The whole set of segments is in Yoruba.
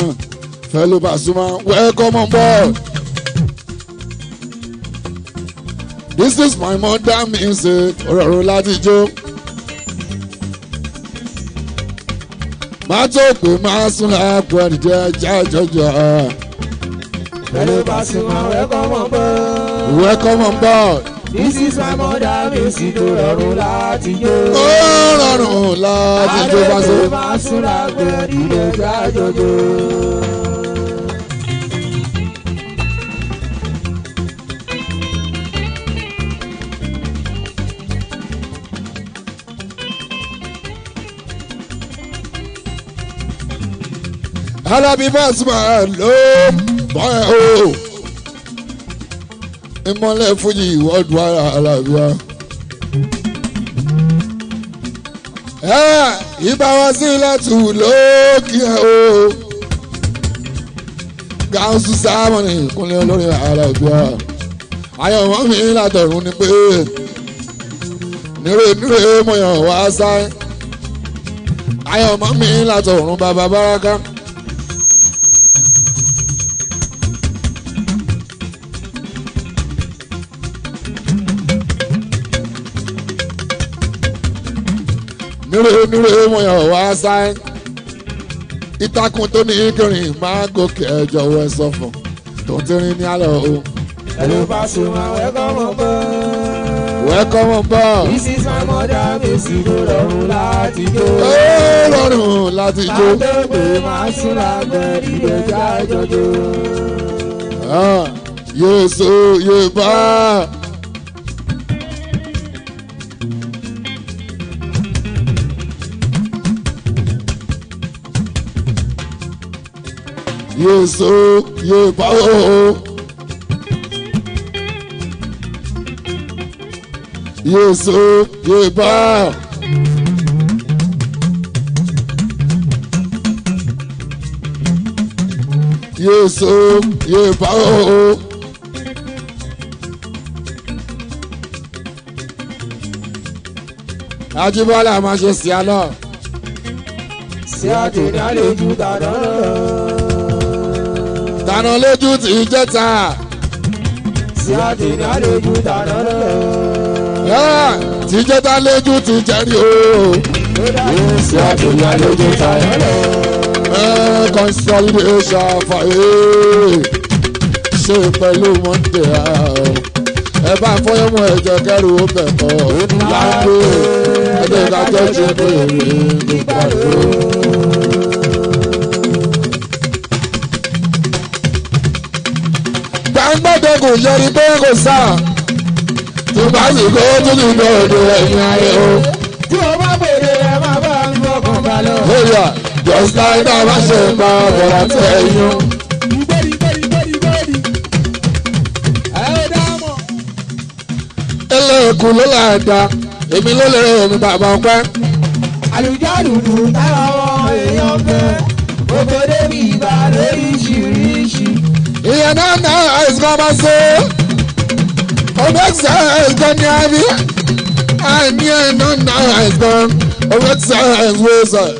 Fellow Pasuma, welcome on board. This is my mother music, Ororo láti jó. Má tó pé máa sún lápò ìjẹ́ ajá jọjọ. Fellow Pasuma, welcome on board. Welcome on board. This is my mother music tó rọrùn láti jó. Ó rọrùn láti jó fásó. Àrẹ tó máa súnra gbé ìlú jájọjọ. Alábí Pasuma ló bọ́ ẹ̀ o. ìmọ̀lẹ̀ fújì ìwọ́dù ara àlàbíà. ìbá lati sí láti o gáàsù sáàmùnì kúnlẹ̀ olórin àlàbíà. àyọ̀mọ́ mi látọ̀run ni pé nírè nírè mọ̀yàn wá sáyé àyọ̀mọ́ mi látọ̀run bàbá báraka. nírèé nírèé mo yàn wá sáyé ìtàkùn tó ní kìrìn máa gòkè ẹjọ́ wẹ́ sọ́fún tó ti rìn ní àlọ́ o. ẹnu bá ṣùgbọ́n wẹ́kọ́ mọ̀ pé. wẹ́kọ́ mọ̀ this is my mother bísí kò rọrùn láti jó. ó rọrùn láti jó. máa dẹ́gbẹ̀ẹ́ máa súnra gbẹ ìgbẹ́jà ìjọjọ. yóò so yóò bá. yóò ye yóò pa ye ba. so ye pa. yóò so yóò pa o. Ajíbọ́lá máa ṣe sí àná. sí àdùnnà ju tàdán tànà lójú tì í jẹta. sí àdìní àlejò tànà lọ. tì í jẹta lójú tì í jẹrí o. sí àdìní àlejò tànà lọ. consolidation for you ṣe pẹ̀lú monday ah ẹ bá fọyọ́mọ ẹ̀jẹ̀ kẹrù ó bẹ̀ tọ́ láńgbé ẹ̀jẹ̀ ìdájọ́ ṣe pé èrè nípa ìlú. gbẹ́dọ̀gùn yẹri pé kò sá. tó bá sì kó tún ní gbọ́dọ̀ ẹ̀yìn ayé o. tí o bá bèrè ẹ máa bá ń gbọ́kàn bá lọ. lóyà jọ̀sílá iná bá ṣe pa bọ̀rọ̀ tẹ̀ ẹ̀yìn o. ẹlẹ́ẹ̀kú ló là ń da èmi ló lè rẹ̀ bàbá ọpẹ́. àlùjá dùdù táwọn èèyàn fẹ́ òkòdé mi ìgbà lórí ìṣìírí your nana is mama so. Obexa is gone yavi. And your nana is gone. Obexa is wizard.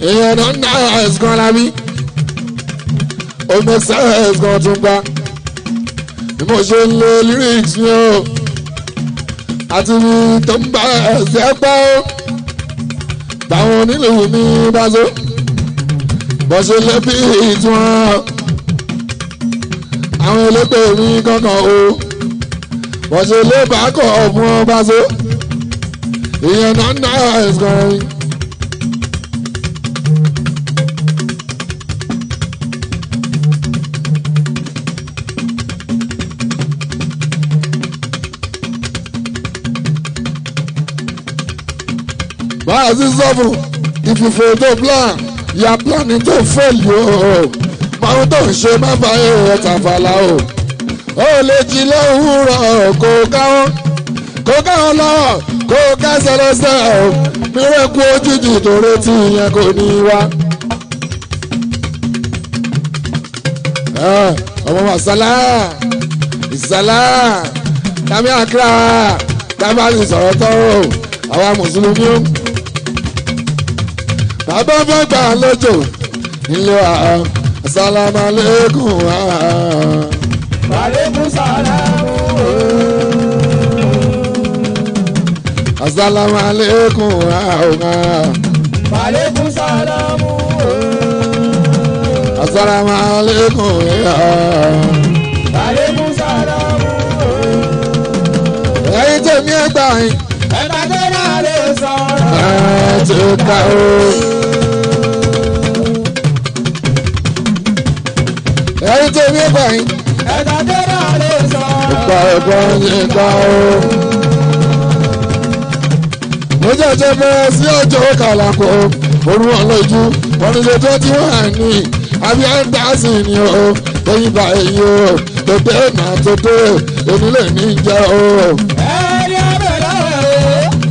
Your nana is gone yavi. Obexa is gone tumba. Mo ṣe ń lo lyrics ni o. Àti mi tó ń bá ẹ̀sẹ̀ pa o. Táwọn onílù mi bá so bọ́sẹ̀ lẹ́bí ìtura àwọn elépè mi kankan o bọ́sẹ̀ lẹ́bà kọ̀ ọ̀bùn ọba so ìyẹn nánà ẹ̀sán. báyìí sísọ́fù ìfìfò tó plan. Ya planning to fail o máa tó ń ṣe má bá èrò tàfàlà o ó lè jí lówùúrọ̀ kó káwọ́ kó káwọ́ lọ́wọ́ kó kẹsẹ̀ lọ́sẹ̀ o mìíràn kú ojújì tó retí yẹn kò ní í wá. Ah, ọmọ màsálà ìsálà tàbí àkàrà tàbí àti sọ̀rọ̀ tọ́rọ̀ àwa mùsùlùmí bàbá gbà lójó ilé wa asalaamu wa. maaleykum salaam. asalaamu wa. maaleykum salaam. asalaamu wa. maaleykum salaam. ẹ̀yin tèmi ẹgbàá yìí. ẹ̀ka tó máa lè sọ̀rọ̀. ẹ̀ ti ká o. ẹ̀rí tó mi bà yín. ẹ̀dá dẹ́rẹ́ àlè sọ. ìgbà ẹ̀gbọ́n yìí ká o. mo jẹ́jẹ́ bẹ́ẹ̀ sí ọjọ́ kàlàkó orú ọlọ́jú wọn ní lójó tí wọ́n hàn ní àbí ẹ̀dá sì ni o lóyún bá èyí o tètè máa tètè èmi lè ní jẹ o.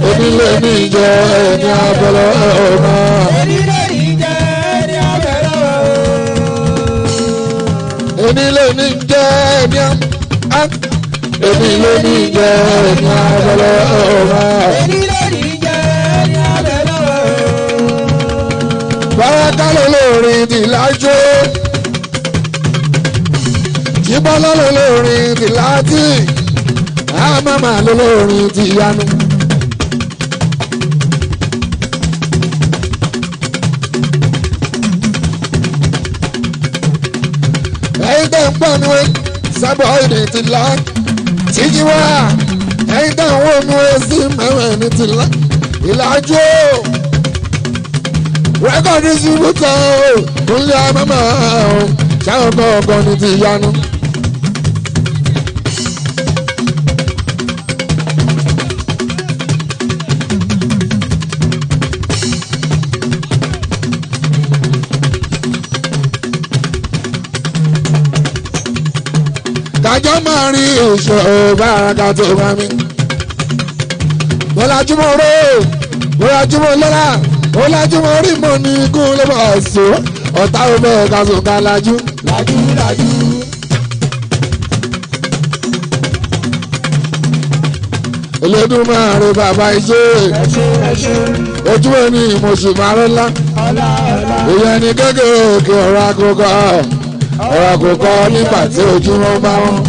èmi lè ní jẹ ẹni abẹ́rẹ́ ọ̀nà. èmi ló ní jẹ́ ẹ̀mí á. èmi ló ní jẹ́ ẹ̀mí abẹ́lẹ́ ọ̀rá. èmi ló ní jẹ́ ẹ̀mí abẹ́lẹ́ ọ̀rá. bàbá lólórin tìlájú. jíbọ́lá lólórin tìlájú. àmàmà lólórin tìyanu. tẹ̀ ń gbọ́ mi wẹ́ sábà ọ̀dẹ̀ ti la tíjí wá ẹ̀yin tẹ̀ ń wò mi wẹ́ sí mẹ́wẹ̀ẹ́ ní ti la ìlàjú o rẹ́kọ̀dì sí ibùtọ̀ o kúnlẹ̀ amẹ́mọ́ o ṣáà ọkọ̀ ọkọ̀ ní ti yanu. àjọ máa rin èso báraka tó bá mi. bọ́lájúmọ́ ró bọ́lájúmọ́ lọ́la bọ́lájúmọ́ rí mọ́ ní ikú ló bá sọ ọ̀tá ọmọ ẹ̀ka sọ̀ka lajú. lajú lajú. Olódùmarè bàbá iṣẹ́ ojú ẹni ìmọ̀ṣùmáró ńlá ìyẹn ni kékeré òkè ọ̀rọ̀ àkókò ọ̀rọ̀ àkókò nígbà tí ojú wọn bá wọn.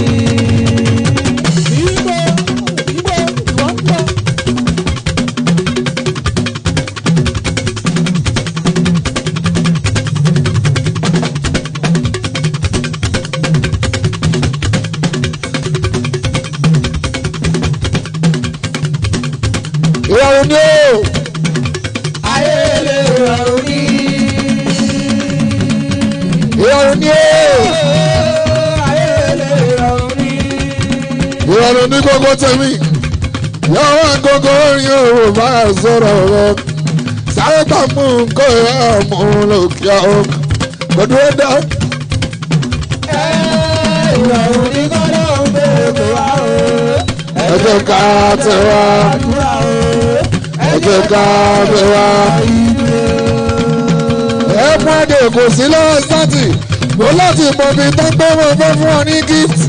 ní gbogbo tèmi yọwọ́ gbogbo orin òwò bá sọ̀rọ̀ rẹ sáré gbà mú kó yẹ ọmọ lòkè ọ kò dúró dá. ẹ ká tẹ wá. ẹ ká tẹ wá. ẹ fún àdè kò sí lọ́wọ́ sátì mo láti mọ̀ bí tó gbé wọn fún ọ ní gift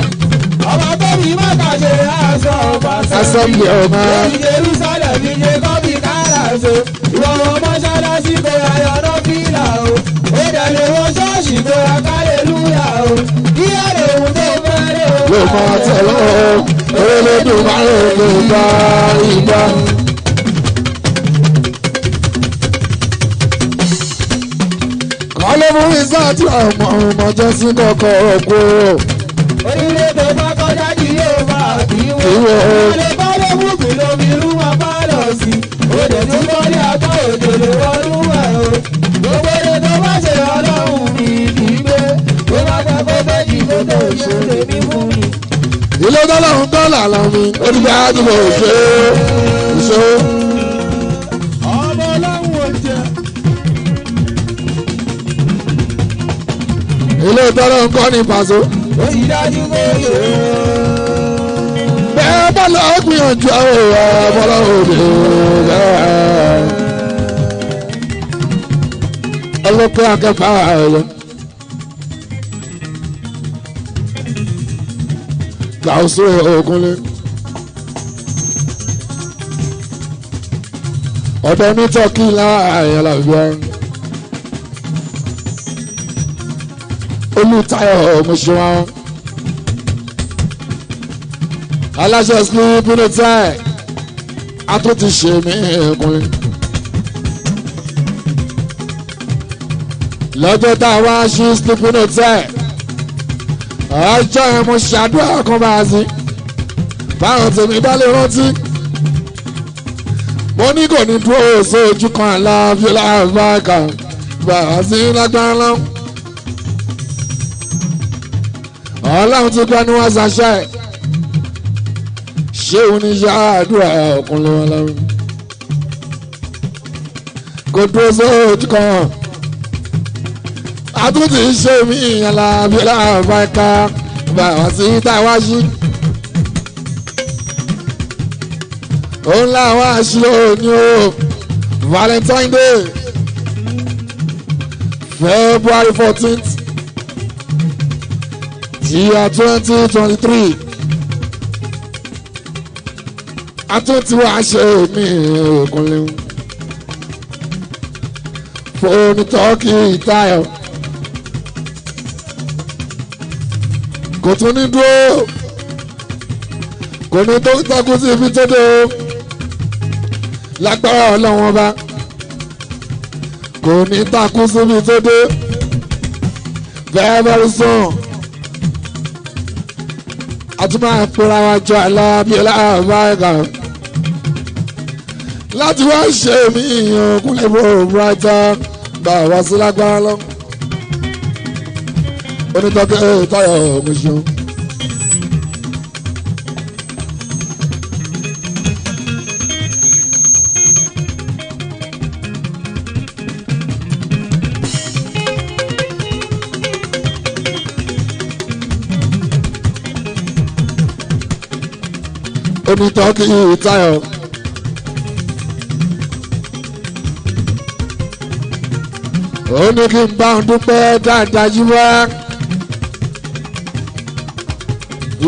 ọba tó bí mákàdé aṣọ ọba ṣe. asọ́bí ọba. èyí jerusalem ní ṣe kọ́bí kára ṣe. ìwọ̀n mọ́ṣáláṣí kò ayọ̀ náà fìlà o. ó dẹ̀lé wọn ṣọ́ọ̀ṣì kò ra kálẹ̀lúyà o. kí á lè wù tó fẹ́rẹ̀ o. ló máa tẹ̀lé o. orílẹ̀-èdè máa ń lò bá ìgbà. kọ́lé mú ìsáàtì ọmọ ọmọ jẹ́sí kọ́kọ́ ọ̀gbọ́n. orílẹ̀-èdè bá kéré. ọ̀rẹ́ bá mú mi lómi rúmọ bá lọ sí i òde tí wọ́n ní apá òde lè wọ́nú ẹ̀ o. gbogbo èdè tó bá ṣe ọlọ́run mi kì gbé tó bá gbà pé méjì tó tó ṣe lèmi mú mi. ilé dọ́lọ́run dọ́là lọ́mi ó ti gbà á ti mọ̀ ṣe ṣe. ọmọ ọlọ́run ò jẹ. kọ́ ni pàṣẹ. ó dájú pé ó ẹ bá lọ gbìyànjú àwọn ọmọlá òde rẹ̀. ọlọ́pẹ́ akẹ́fà rẹ̀. Gàwùsù Ògúnlé. ọ̀dọ́ ní tọ́kì láàyè làbíọ́. Olùtayọ̀ Mùsùlùmí aláṣẹ skul pínlẹ̀tẹ̀ a tún ti ṣe mí ẹ̀kún. lọ́jọ́ tá a wá ṣí skul pínlẹ̀tẹ̀ ọjọ́ yẹn mo ṣàdúrà kan bá a sí báwọn tèmi bá lè rántí mo ní kò ní dúró sójú kan àlàáfíà láàbáàkà bàbá sí lágbára lọ́wọ́ ọlọ́run ti gbẹnu wá ṣàṣẹ ṣéun ní ṣáàdúrà ọkùnrin wọn lọ́rùn kò dúró sóòtú kan àtúntì ṣe mí alábí alábàáká bàbá sí táwa ṣí. òun làwọn àṣìlò ní o Valentine Day February fourteenth year twenty twenty three. àtúntí wàá ṣe mí ògúnlé fóònù tọ́kì táyọ̀ kò tún ní dúró kò ní tó takú sí ibi tó dé o lágbára ọlọ́wọ́n bá kò ní takú sí ibi tó dé very very soon a tún máa pera wa jọ àlọ́ bí bá ń láti wá ṣe mí yan kúnlẹ̀ bò bùrájà gbà wá sí lágbára lọ. onítọ́kẹ́ ẹ̀ táyà ọ̀hún ṣeun. onítọ́kẹ́ táyà ọ̀hún. ó ní kí n bá ń dúpẹ́ dáadáa jí wá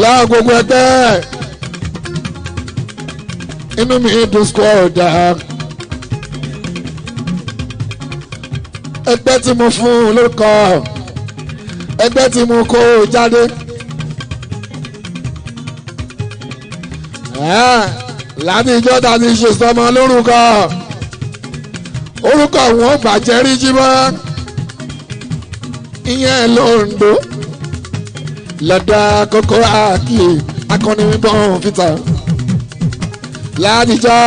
láwọn gbogbo ẹgbẹ́ inú mi dùn sùkọ́ ọ̀dà ẹgbẹ́ tí mo fún un lórúkọ ẹgbẹ́ tí mo kó jáde. láti ìjọ ta ti ṣe sọmọ lórúkọ orúkọ àwọn bàjẹ́ rí jíbọ́ ìyẹn lóńdó lọ́dà kókó àkìlè akọni bọ́n fìtà látijọ́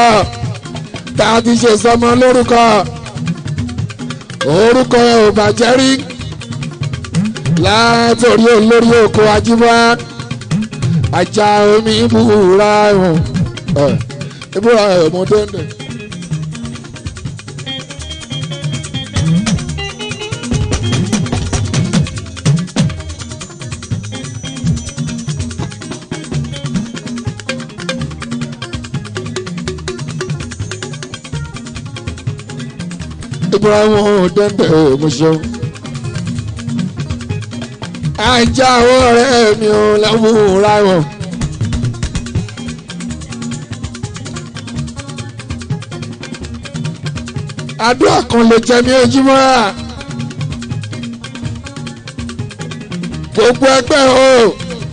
tá a ti ṣe sọmọ lórúkọ orúkọ ẹ ò bàjẹ́ rí látòrí olórí oko ajíbọ́ ajá omi ìbúra ẹ̀hún ẹ̀ ìbúra ẹ̀hún mọ́tẹ́ndẹ̀. búra wọn ò dẹ́ńbẹ̀ ògùn ṣe. ajá ọ̀rẹ́ mi ò lámúra wọn. àdúrà kan lè jẹ mí ojúmọ́ rà. gbogbo ẹgbẹ́ o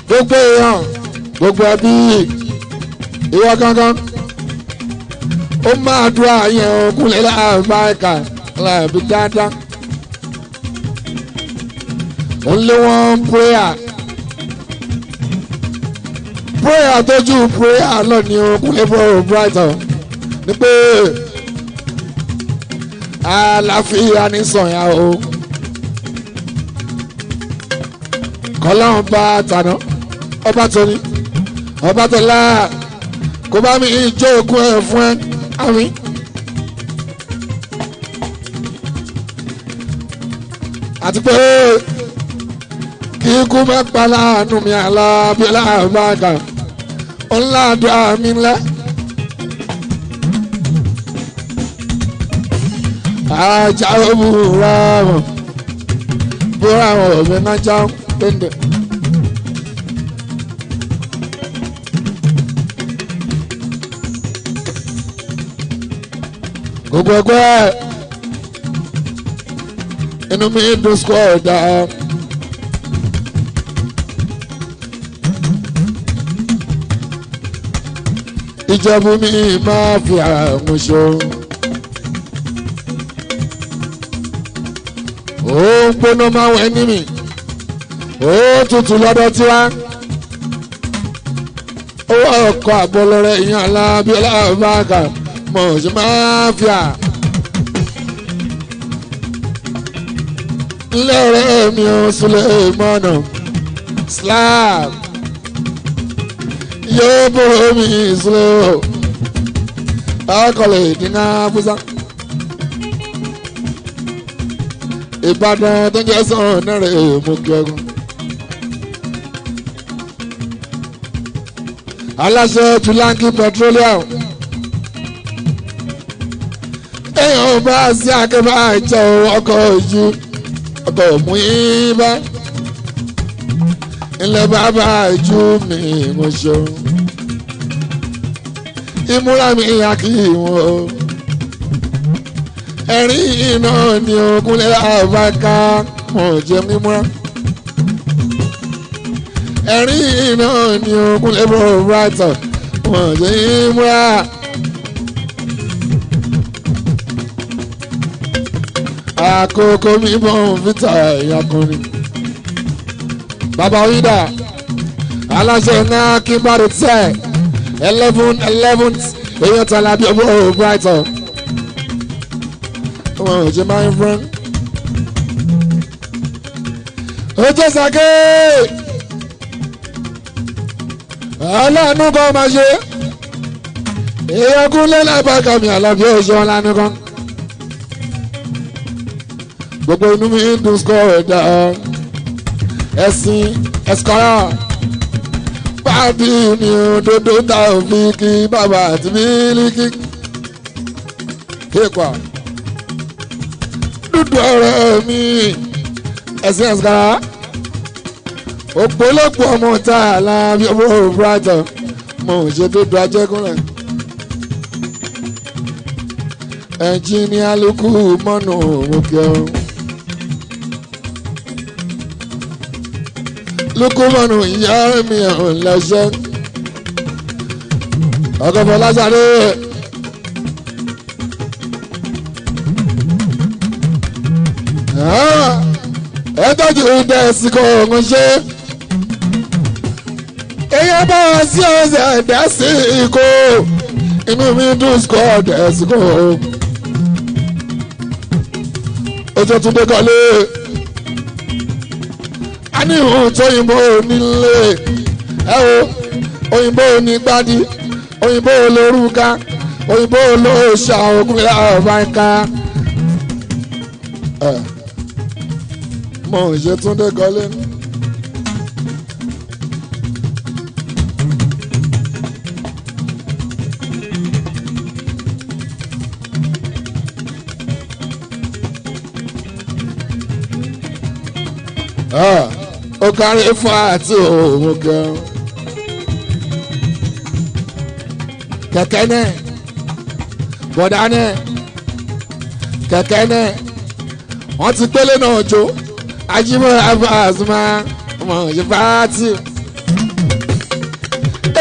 gbogbo èèyàn gbogbo ẹbí ìwọ kankan ó máa dúrà yẹn òkúlẹ̀ láàbáyé kan lẹ́ẹ̀bi dáadáa. Only one prayer. Prayer tójú prayer náà ni ọkùnrin bọ̀rọ̀ Brighton ní pé àlàáfíà ní sọ̀yà o. Kọ́lọ́n bá tàná ọba tóní ọba tọ́lá kò bá mi ìjọ ẹ̀ fún ẹ àmín. àti pé kíkú mẹ́pa láàánú mi aláàbí láàbàgà ńlá àdúrà mi ńlá. ajá òbúra wọn búra wọn òbí náà já péńdé. gbogbo ẹgbẹ́ ẹ̀ inú mi dùn sùkọ́ ọ̀dà. ìjẹ̀bú mi máa fi àrùn ṣo. ó ń gbóná máa wọ ẹni mi ó tutù lọ́dọ̀ tiwa owó ọkọ̀ àbọ̀lọ́rẹ̀ ìyẹn alábíọ́lá bá kà mọ̀ ṣe máa fi àrùn. lẹ́rẹ̀ mi ò Sulemana slab yóò bọ̀rọ̀ mi slow akọlẹ̀ ìdínà Abuja Ìbàdàn tó jẹ́ sọ̀rọ̀ náà mú kí aláṣẹ tulanki petroleum èèyàn bá sí akẹ́bà ìjẹun ọkọ̀ ojú ọ̀tọ̀ mú yín bá ilẹ̀ bàbá ìjú mi mo ṣeun ìmúra mi yà kí wọn o ẹ̀rín iná ni ogunlẹ̀ àbáká wọn ò jẹ́ mímúra ẹ̀rín iná ni ogunlẹ̀ bọ̀ bàtà wọn ò mímúra. àkókò mímọ́ fìtà ẹ̀yà kùnrin. bàbá wíńdà aláṣẹ náà kí bàrù tẹ eleven eleven èèyàn tàlà bí ọmọ brighton. wọn ò jẹ máa ń fún. ojú sàké aláàánú kan máa ṣe èèyàn kúnlẹ̀ lábàkàmì àlàbí ọ̀ṣọ́ ńlá nìkan gbogbo inú mi ń dùn sukọ ẹ̀dá ẹ̀sìn ẹ̀sìkọ́rà pàdé mi òdodo tá ò fi kí bàbá àti bílíkì kéèkwà dúdú ọ̀rẹ́ mi ẹ̀sìn ẹ̀sìkọ́rà ògbólógbò ọmọ tá a la bí owó mo ò ṣe dúdú ajẹ́kúnlẹ̀ ẹnjìnìá ló kú mọ́nà òun kẹrin. lukumanu yaremi ọlẹsẹ ọgọfọ lásàrè. ẹ tọ́jú ìdẹ ìsìnkú ọ̀hún ṣe. èyí bá wá sí ọ̀sẹ̀ ẹ̀dá sí ikú inú mi dùn sí ọ̀dẹ̀ ìsìnkú ọ̀hún. ó tún tún dé kọ́lé a ní ohun tó òyìnbó onílé ẹ o òyìnbó onígbádìí òyìnbó olórúkà òyìnbó olóòṣà ogun ọ̀bánká. mo ń ṣe túndé gọlé. Ah ó kárí fún àti òun gan. kẹ̀kẹ́ náà bọ̀dá náà kẹ̀kẹ́ náà wọ́n ti pélé náà jó ajímọ̀ abazuma ọmọ yorùbá ti.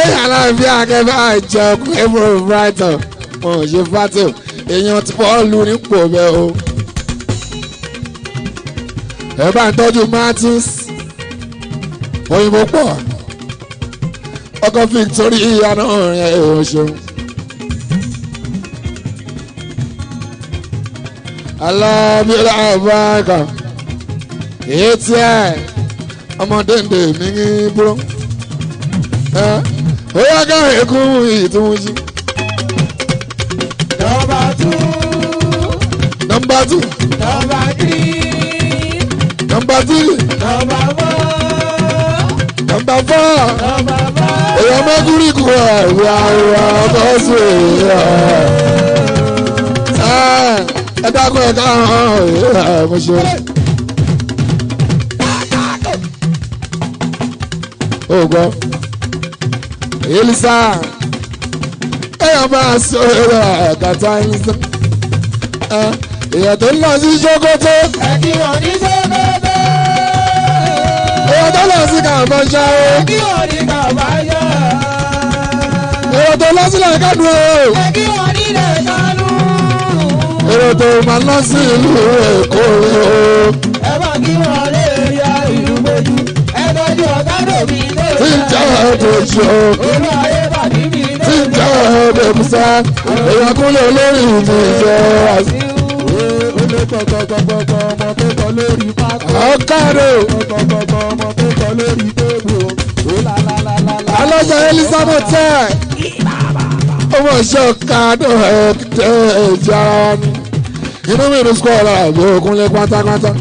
èyí aláàfin akẹ́fẹ́ àìjẹ́ ọkùnrin ẹ̀mọ́ brighton ọmọ yorùbá ti èèyàn ti bọ́ọ̀lù nípò bẹ́ẹ̀ o. ẹ bá ń tọ́jú martins òyìnbó pọ̀ ọkọ fi torí ìyanu rẹ̀ ò ṣeun. alábíọ́lá àbáka èyí tí ẹ ọmọdé ń dè mí ní búrọ́ ẹ ó yá ká èkó ìtúnjí. nọ́mbà tú. nọ́mbà tú. nọ́mbà tírí. nọ́mbà tírí. nọ́mbà wá nọmba fọ́ èèyàn mẹ́kúrì kù ẹ̀ ìyá ìyá ọ̀tọ̀ọ̀sù dákun ẹ káàárọ̀ ìyá mo o gbọ́ elisa èèyàn máa sọ èrò àgàtà ẹ̀yìn sọ èèyàn tó ń lọ sí ṣókótó. ẹ̀kí ní sọ èrò tó lọ sí kàmọ́ ṣá o. kí òní kàmọ́ yá. èrò tó lọ sílẹ̀ kẹ́dùn o. kí òní lè sánú. èrò tó máa lọ sí ìlú Èkó o. ẹ bá kí wọn lè rí ìlú gbẹdú ẹ tọ́jú ọ̀gá lòmí lè rà. tí ń jẹ́ ọ̀dọ̀ ìṣó. ayé bá mi mi lè rà. tí ń jẹ́ ọ̀dọ̀ ìmúṣá. èèyàn kúnlẹ̀ olórí ìdíje lé gbọ̀gbọ̀gbọ̀gbọ̀ ọmọ tó kọ lórí pákó. ọ̀kadò. gbọ̀gbọ̀gbọ̀ ọmọ tó kọ lórí tébù. alọ́jà elizabeth ẹ̀ ọmọ ìṣe ọ̀kadò ẹ̀ẹ́dẹ́ ẹ̀jẹ̀ ara wa ni inú mi ìrùsùkọ̀ ọ̀la àgbẹ̀ òkun pátápátá.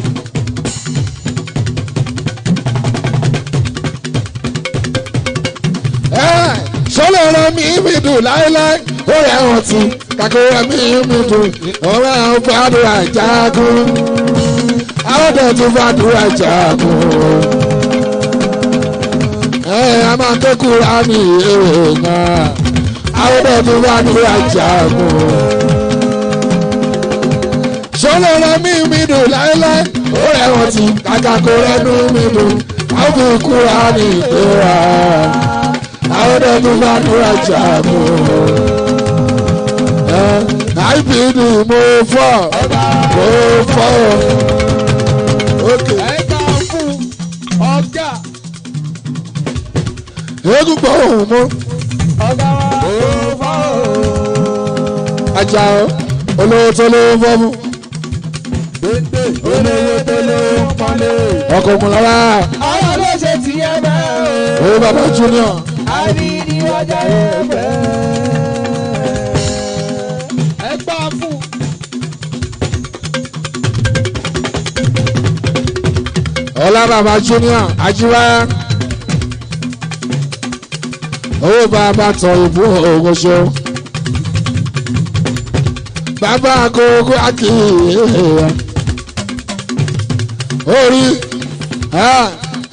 sọ́lọ́ ọ̀rọ̀ mi ìbìdù láéláé ó yẹ ọ̀tún pàkóyà mi mi dùn ọ̀rẹ́ àwọn fàdúrà jágún àwọn dẹ̀ tún fàdúrà jágún. ẹ a máa ké Kùránì èèyàn àwọn dẹ̀ tún fàdúrà jágún. rẹ mi mi dùn láéláé ó rẹ̀ wọ́n ti àwọn Kùránì èèyàn àwọn dẹ̀ tún àìbí ni mo fọ́ mo fọ́ òkè. ẹ̀ka fún ọjà. eégún gbọ́ òun mọ́. ọ̀gá mo fọ́ ajá olówó tó ló ń fọ́ mu. olówó tó ló ń pọ́nlé. ọkọ̀ ògùn lára. ọ̀rọ̀ ló ṣe tìyẹ́ náà. oyè bàbá junior. a ní ní ọjà yẹn fẹ́. ọlábàbà junior ajíwáyà owó bàbá tọ ìbú ògòṣó bàbá àkókò àti orí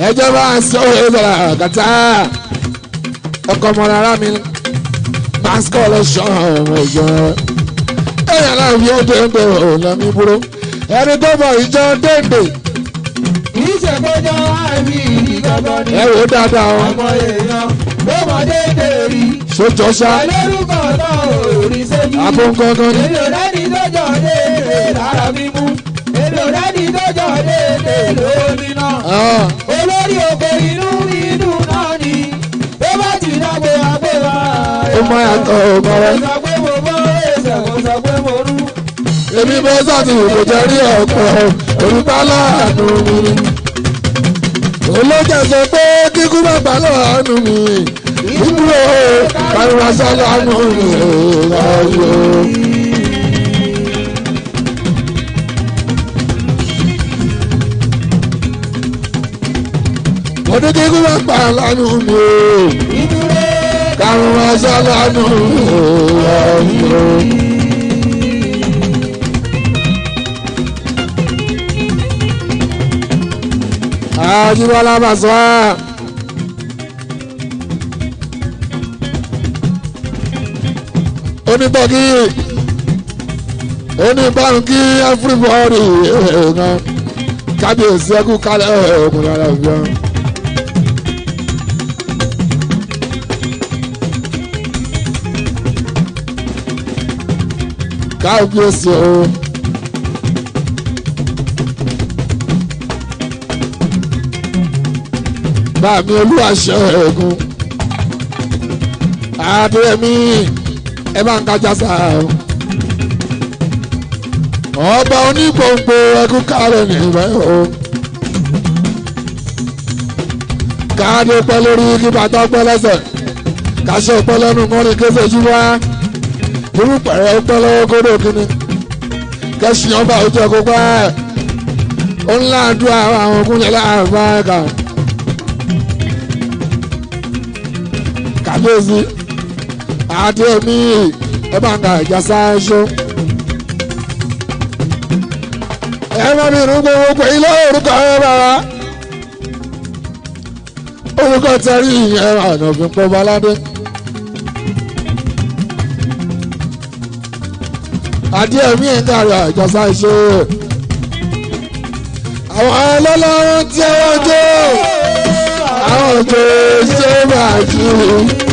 ẹjọ́ bá ń sọ ìbára kàtà ọkọ̀ mọ́ra ara mi pásítọ̀ lọ́sọ̀ ọ̀hún ọ̀gbọ́n ẹ̀yà láàbí ó dé ń bẹ̀rẹ̀ ọ̀nà mi búrò ẹni tó bọ̀ ìjọ déńdé ṣe kọjá àìní ìdígbàgbọ́ ni. ẹ wò ó dáadáa o. àwọn èèyàn ló mọ déédé rí. sojọ sá. àlérúkọ náà ò rí sẹ́jú. abóńgángan ni. èlò lẹ́ni tó jọ déédé lára mímú. èlò lẹ́ni tó jọ déédé lómi náà. Ah. olórí òkè inú inú náà ni. tó bá ti dàgbé agbéra. ó máa yàtọ̀ ọmọ rẹ. mo sọ pé mo mọ ẹsẹ̀ mo sọ pé mo rú èmi bọ́ sáà ti wò kò jẹ́ rí ọ̀pọ̀ òrùka láàánú mi olójà sọ pé kíkú má gbà lọ́hánú mi ìdúró kàrúwà sálámù ọ̀yọ́. ọdún kíkú má gbà lọ́hánú mi ìdúró kàrúwà sálámù ọ̀yọ́. àjíbọ́lá Pasuma. onítọ̀kì oníbànkì everybody ẹ̀ẹ̀kan kábíyèsí ẹkú kálẹ̀ ẹ̀ẹ̀kùnrin aláàbíà. kábíyèsí ẹ̀ẹ̀kùnrin. bàmí Olúwaṣẹ́gun Adéyẹmí ẹ bá ń kájà sáà o ọba onígbòǹgbò ẹkún kárẹ̀ nìbẹ̀ o. káàdé pẹ́ lórí kíbàtà pẹ́ lẹ́sẹ̀ káṣẹ́ pẹ́ lẹ́nu mọ́rin kéṣe jú wá burú pẹ̀rẹ́ pẹ́ lọ́wọ́ kódò kíni kẹ́sì ọba òjò kó pa ẹ̀ ńlá àdúrà àwọn ogun yẹn láàbá ẹ̀ka. àjèsí àti èmi ẹ bá ń ka mi rú gbogbo pé ilé orúkọ ẹ rárá orúkọ tẹrí ìyẹn ànàfin pọ̀ baládé. àdìẹ mi ń kárí àjọsá ṣe àwọn ọlọ́lọ́run tí wọ́n jó àwọn òjò ṣé bàjẹ́.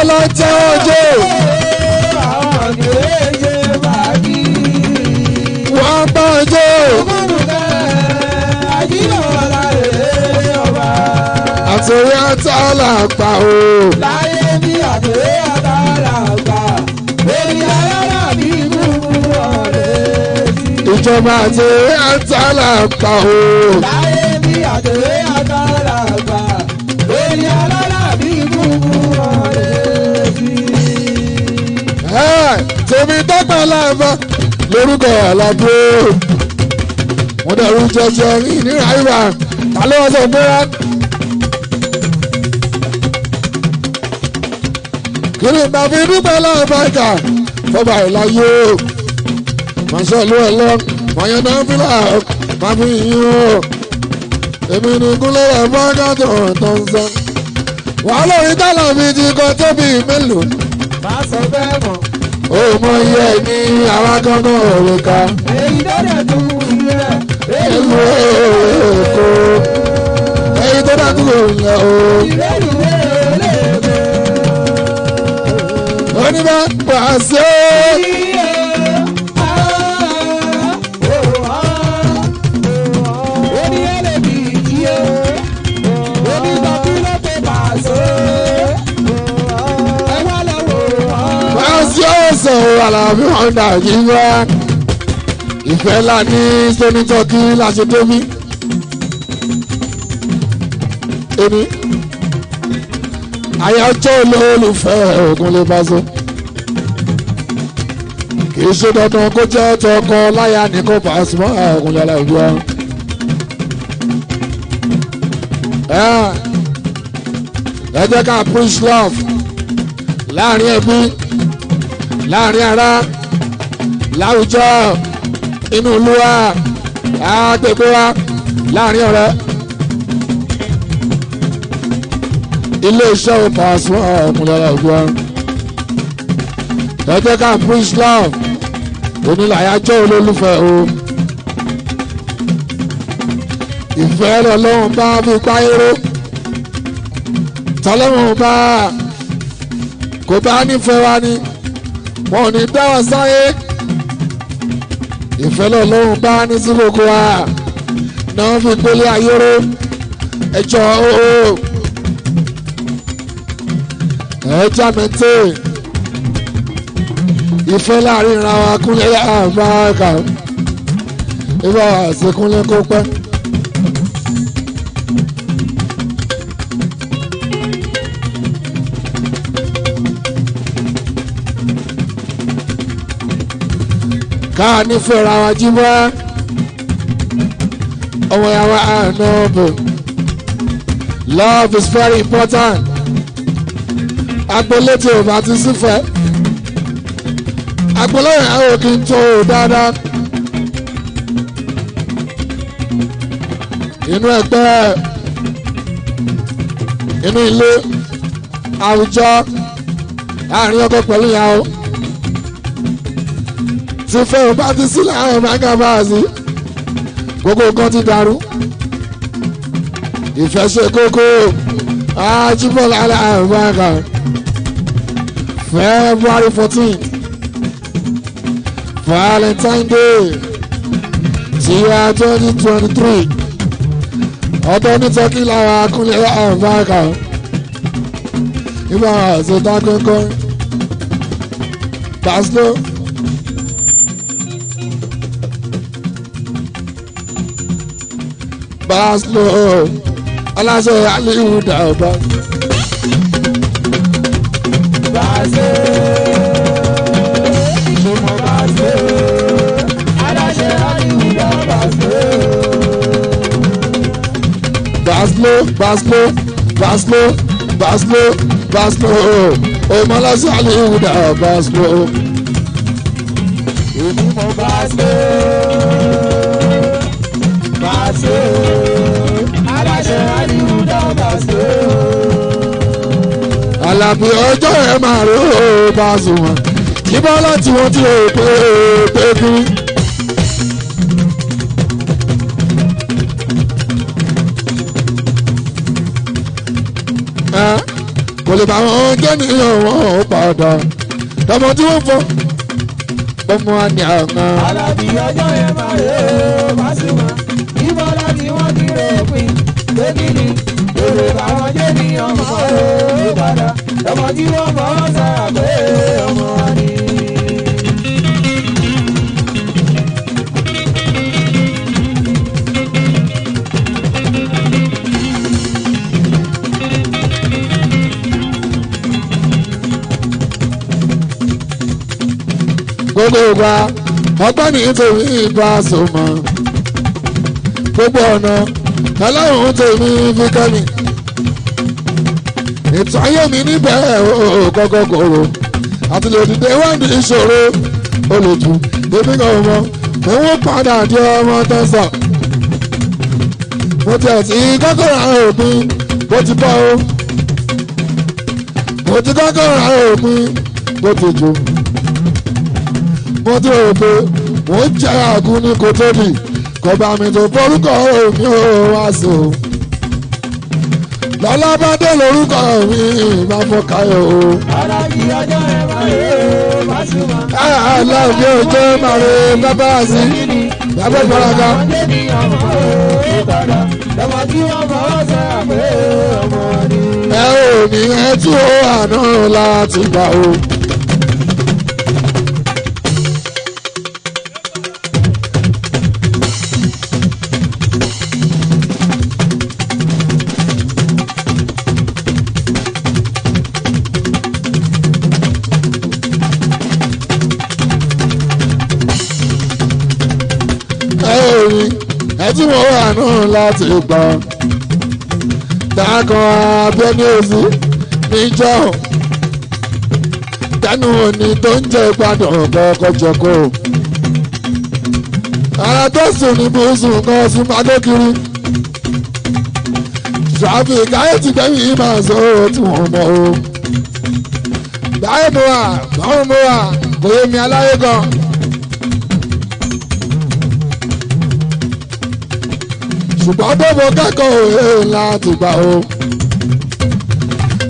ọlọ́jẹ́ òjò. wọ́n pọ̀ òjò. àtòrí ọ̀tá làgbà o. láyé ní àtòrí ọ̀tá làgbà. èyí ayára mi kúkú ọ̀rẹ́. ìjọba àtòrí o. láyé ní mi kúkú omi tọ́pẹ́ láàbà lórúkọ àlàdé wọ́n dẹ̀rù jẹjẹ ní ìnira ìwà ta ló wọ́n sọ múra. kiri bàbá dúpẹ́ láàbà ìkà fọba ìlàyé màṣẹ́lú ẹ̀ lọ màyẹn náà fi là màmí yín o èmi ni kúnlẹ̀ rẹ̀ fọ́gàtọ̀ tó ń sẹ́ wàhálà orí tálà mi ti kọ́ tóbi mélòó. bá a sọ bẹ́ẹ̀ mọ̀ òmò iye ní alágọ́nà òrùka. èyí tó dẹ̀ tún ìlẹ̀ èyí tó èkó. èyí tó dẹ̀ tún ìlẹ̀ o. oníbàbà ṣe é. sọ Àlàbí wọn dà yíwá ìfẹ́ la ní sóní tọ́kí láti débí. èmi àyájọ́ olólùfẹ́ ògùn lè bá so. kì í ṣe dandan kó jẹ́ tọkọ láya ní kó bá a sùn mọ́ ògùn lọ́la ìlú ọ̀hún. ẹ jẹ́ ká preach love láàrin ẹbí láàrin ara láwùjọ inú ìlú wa agbègbè wa láàrin ọ̀rẹ́ iléeṣẹ́ Pasuma ọ̀kùnrin ọ̀gbọ́n ẹ jẹ́ ká preach love onílàyájọ́ olólùfẹ́ o ìfẹ́ lọ́lọ́run bá fi páyéró tọ́lọ́run bá kò bá nífẹ̀ẹ́ wa ni. Fe, wọn ò ní dá wa sáyé ìfẹ́ lọ́lọ́run bá ní sílòkó wa náà fi gbélé ayé ró ẹjọ́ ooo ẹjọ́ mẹ́tẹ́ ìfẹ́ láàrin ra wa kúnlẹ̀ àbá kà ìfọ̀ àṣekúnlẹ̀ kó pẹ́. káà nífẹ̀ẹ́ ra wa jí wá ọmọ ya wa ànábò love is very important agbolétí ò bá ti sífẹ́ agbolẹ́yìn àwọn kì í tó o dáadáa inú ẹgbẹ́ inú ilé àwùjọ láàrin ọkọ pẹ̀lú ìyàwó ti fẹ́ o bá ti sí láàrin mága bá a sí gbogbo nǹkan ti dàrú ìfẹ́ ṣe kókó àjùmọ̀ láàrin mága February fourteen Valentine Day ti ya twenty twenty three ọ̀dọ́ nítorí làwọn akúnlẹ̀ láàrin mága ìgbà àti ìdákọ́ńkọ́ Baslo. Abbas lọ aláṣẹ Aliyu dàbà. Bàṣẹ ìṣòro bàṣẹ aláṣẹ Aliyu dàbà ṣe. Bàṣẹ bàṣẹ bàṣẹ bàṣẹ bàṣẹ ọmọ aláṣẹ Aliyu dàbà ṣe. Èmi mo Àlàbí ọjọ́ ẹ̀ máa rí ó Pasuma yíbọn láti wọ́n ti rò pé pé kiri. kò lè bá wọn jẹ́nìyàn wọn ò padà tọmọ tí wọ́n fọ́ ọmọ àní àná. Àlàbí ọjọ́ ẹ̀ máa rí ó Pasuma yíbọn láti wọ́n ti pé pé kiri. kò lè bá wọn jẹ́nìyàn wọn ò padà ọmọ tí wọ́n mọ̀ ọ́ sàgbé ọmọ ni. gbogbo ìgbà ọgbẹ́ mi nítorí ìgbà sọmọ gbogbo ọ̀nà ọlọ́run tèmi fi kẹ́mi ìtayé mi níbẹ̀ kọ́kọ́ kòrò àti lè dìde wádìí ìṣòro olùtù èmi kan mọ òun padà di ọmọ tẹsán mo ti ẹ̀sì kọ́kọ́ ra òpin bó ti bọ́ o mo ti kọ́kọ́ ra òpin bó ti jù mo ti rò pé mo ń jẹ́ àgún ní kòtẹ́bì kọ́ba mi tó forúkọ òmí ò wá sí o lọ́lábádé lórúkọ mi máa mọ káyọ̀ o. alájí ọjọ́ ẹ máa rè é máṣúmọ́. alájí ọjọ́ máa rè é bábá sí bábá ìfaraka. ọmọdé ni ọmọ rẹ̀ ẹ ò ní ẹ tú àná láti gbà o. láàánú láti gbọ́. dákan abẹ́ni òsì níjọ́ tẹnu òní tó ń jẹ́ ìgbàdàn kọ́kọ́ jọkọ́ ara tó sùn ní bùsùn kan sí madókiri traffic ayé ti gbẹ̀mí ìmọ̀ sọ̀rọ̀ tí wọ́n mọ̀ o. báyìí mo wà báwọn mo wà bóyá mi aláyé gan. ṣùgbọ́n tó mo kẹ́kọ̀ọ́ òwe ńlá àtùgbà o.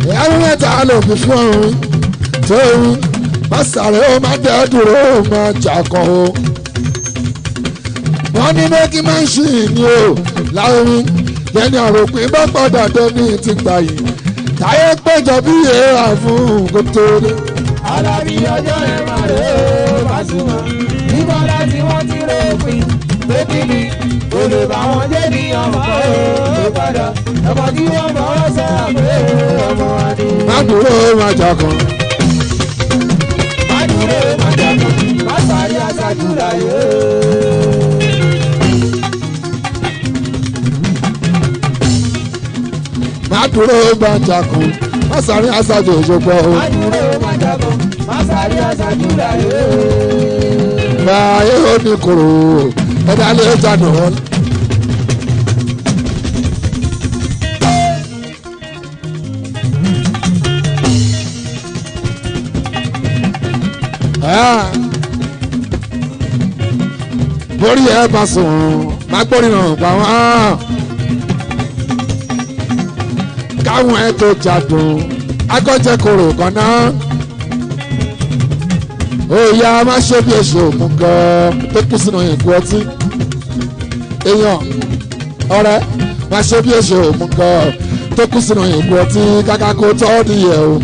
ìyàwó mẹ́ta lòbí fún ọ̀run tó ń má sàré ó má dẹ́ dúró ó má jàkọ́ o. wọ́n ní mẹ́kí máa ń ṣì ní o láwọn lẹ́ni àròpin bá padà dání ti gbà yìí táyé péjọ bí èèrà fún kó tó dé. alábí ọjọ́ ẹ̀ máa rẹ̀ ó bá súnmọ́ nígbà láti wọ́n ti rẹ̀ òfin pé kí ni kò lè bá wọn jẹ́ ní ọmọ ẹ̀ padà ọmọ tí wọ́n bọ̀ ọ́ sọ ọmọ wa ni. má dúró jà kan. má dúró má jà kan má sáré láyé. má dúró má jà kan má sáré aṣáájú òṣogbo. má dúró jà kan má sáré láyé. báyé ó ní ẹ̀dá lè ẹja nà wọ́n. borí ẹ bá sùn má gbóríran pa wọn. Ah. káwọn ẹ tó jàdùn akọ́jẹ́ kòrò kan náà ó yá má ṣe bí èso òkun gan tó kù sínú ìkú ọtí èèyàn ọ̀rẹ́ máa ṣe bí èṣe òmu gan tó kú sínú ìgò ọtí káká kó tọ́ nìyẹn o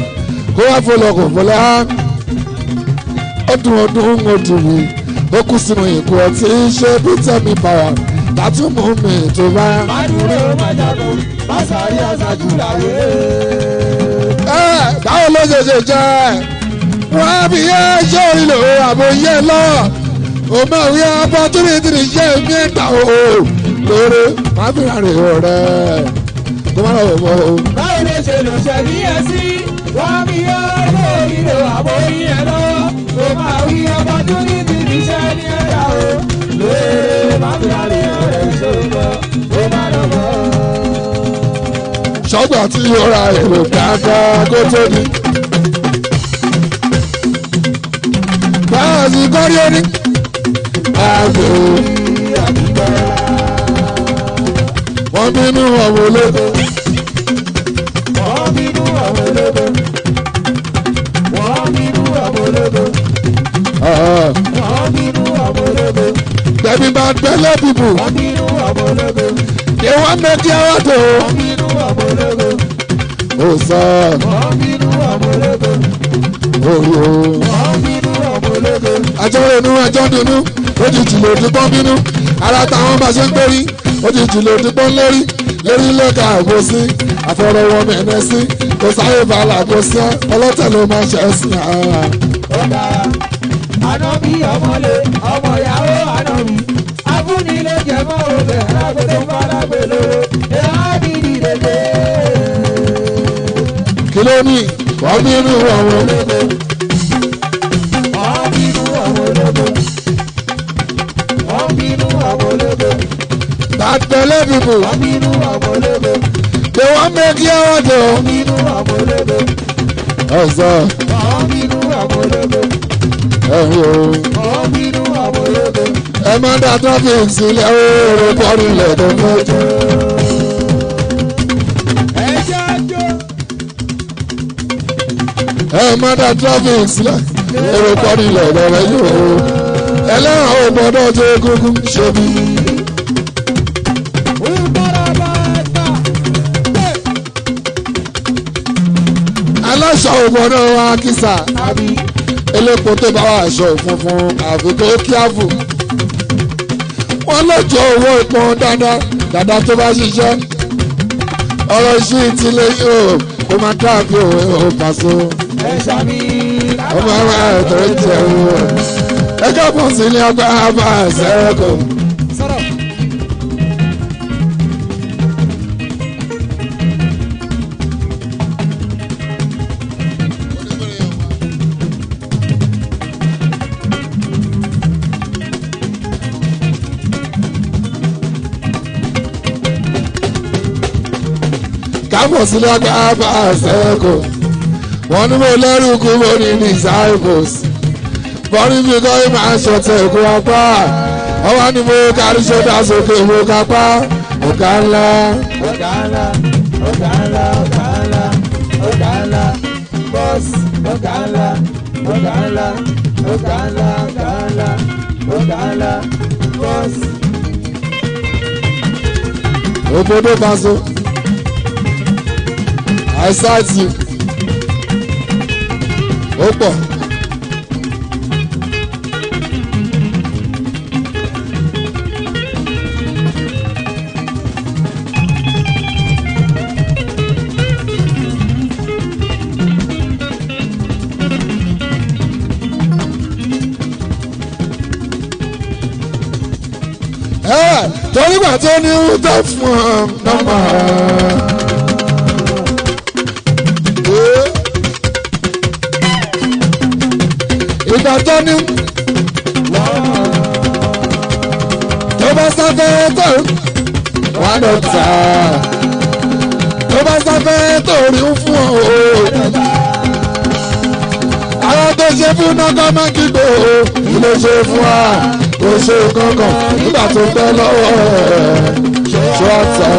kó wá fọlọ́ kò fọlọ́ ó dùn ó dùn ó dùn mí ó kú sínú ìgò ọtí ṣé bí tẹ́mi bàwà látún mú mi tó bá. má dúró má jágò má sáré àṣàjù làwé. ẹ báwo ló ṣe ṣe jẹ wọn á bí yẹ ṣé orin lòun àbòyẹ lọ o máa wí opportunity ní iṣẹ́ mi ta o lóore máa fi rà rìn ọ̀rẹ́ kó má lọ́wọ́ mọ́ o. báwo ni ṣe lò ṣe ní ẹ sí wọ́n mi yọ owó ìlò àbò yẹn lọ o máa wí opportunity ní iṣẹ́ ní ta o lóore máa fi rà rìn ọ̀rẹ́ ìṣòro kó má lọ́wọ́. sọ́gbà tí ó èrò dáadáa kó tó di. báyọ̀ sí kọ́rí orí àgbò àdúgbò. wọ́n bínú àwọn ológo. wọ́n bínú àwọn ológo. wọ́n bínú àwọn ológo. Ah. wọ́n bínú àwọn ológo. tẹ̀mí máa ń gbẹ́lẹ́ bìbù. wọ́n bínú àwọn ológo. kí wọ́n mẹ́tí àwọn tó. wọ́n bínú àwọn ológo. ó sọ. wọ́n bínú àwọn ológo. ó yọ. wọ́n òjijì ló ti pọ́n bínú ara táwọn bá ṣe ń pérí òjijì ló ti pọ́n lérí lérí lẹ́ka àgbo sí àfọwọ́rọ́wọ́ mẹ́ẹ̀mẹ́ sí kò sáyé balà kò sí ọlọ́tẹ̀ ló máa ṣe ẹ̀sìn ara. ọ̀gá àná bí ọmọlé ọmọ ìyàwó àná mi abúnilé jẹ̀mọ́ òbẹ̀ arágbẹ́tò ń bá arágbẹ́ kí ló ní wọ́n bínú àwọn. belle people. They wan make you out o. Ọ̀sán. Ẹ̀yin o. Ẹ má dá traffic sílẹ̀ ooo bọ́ọ̀lù lẹ́dọ̀ mọ́jọ. Ẹ má dá traffic sílẹ̀ ooo bọ́ọ̀lù lẹ́dọ̀ mọ́jọ. Ẹlẹ́ràn ò gbọ́dọ̀ tó egungun ṣe bí. aláṣọ òmòrò akísà elépo tó bá wà aṣọ funfun àfikún kíáfù wọn lọ́jọ́ owó ìpọn dáadáa dáadáa tó bá ṣiṣẹ́ ọ̀rọ̀ sí ìtìlẹ̀ yóò kó máa dáàbò ò pàṣọ. ọmọ àwọn ẹ̀tọ́ ìjẹun ẹ káàbọ̀ sí ní agbára bá a ṣẹ́kọ̀ọ́. pọ̀ sí lọ́dọ̀ àbá àṣẹ́kù wọ́n ní mo lẹ́rù kú mo ní disciples bọ́ní bí kọ́yìn máa ń ṣọ̀tẹ̀ kú apá ọwọ́ ni mo kárí ṣọ́dá sókè mo kápá ọ̀gá ńlá. ọ̀gá ńlá ọ̀gá ńlá ọ̀gá ńlá ọ̀gá ńlá bọ́ọ̀sì ọ̀gá ńlá ọ̀gá ńlá ọ̀gá ńlá ọ̀gá ńlá ọ̀gá ńlá bọ́ọ̀sì. òbòdó bá so. I start you. opa. pọ̀. Ah, torí gbà tó ní wútọ́ fún ọ nọ́mbà. tó ní. tó bá sáfẹ́ tó wà lọ tà tó bá sáfẹ́ tó rí fún ọ. àwọn tó ṣe fún nọ́kọ́ máa kígbe o kí ló ṣe fún wa kò ṣe kankan nígbà tó fẹ́ lọ́wọ́ ẹ̀ ṣọ́ àtà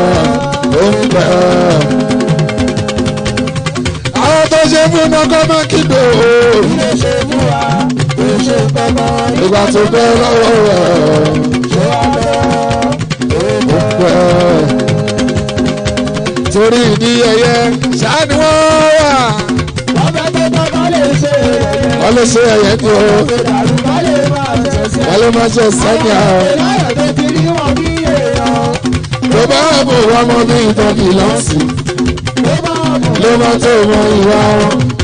ó ń bẹ̀ ẹ́ ṣe fún ọkọ mákindó. ilé ṣe fún wa ṣe pẹ́ mọ́ nígbà tó pẹ́ lọ́wọ́ rẹ̀ ṣé abẹ́ ó pẹ́. torí ìdí ẹyẹ ṣáà ni wọ́n wà. ọbẹ̀ tó tọ́ bá lè ṣe ẹyẹ. wọ́n lè ṣe ẹyẹ ni o. wọ́n lè máa ṣe sẹ́ni àwọn. tó bá bò wọ́n mọ bí ìtọ́jú lọ́sìn ló máa tó mọ ìwà wọn.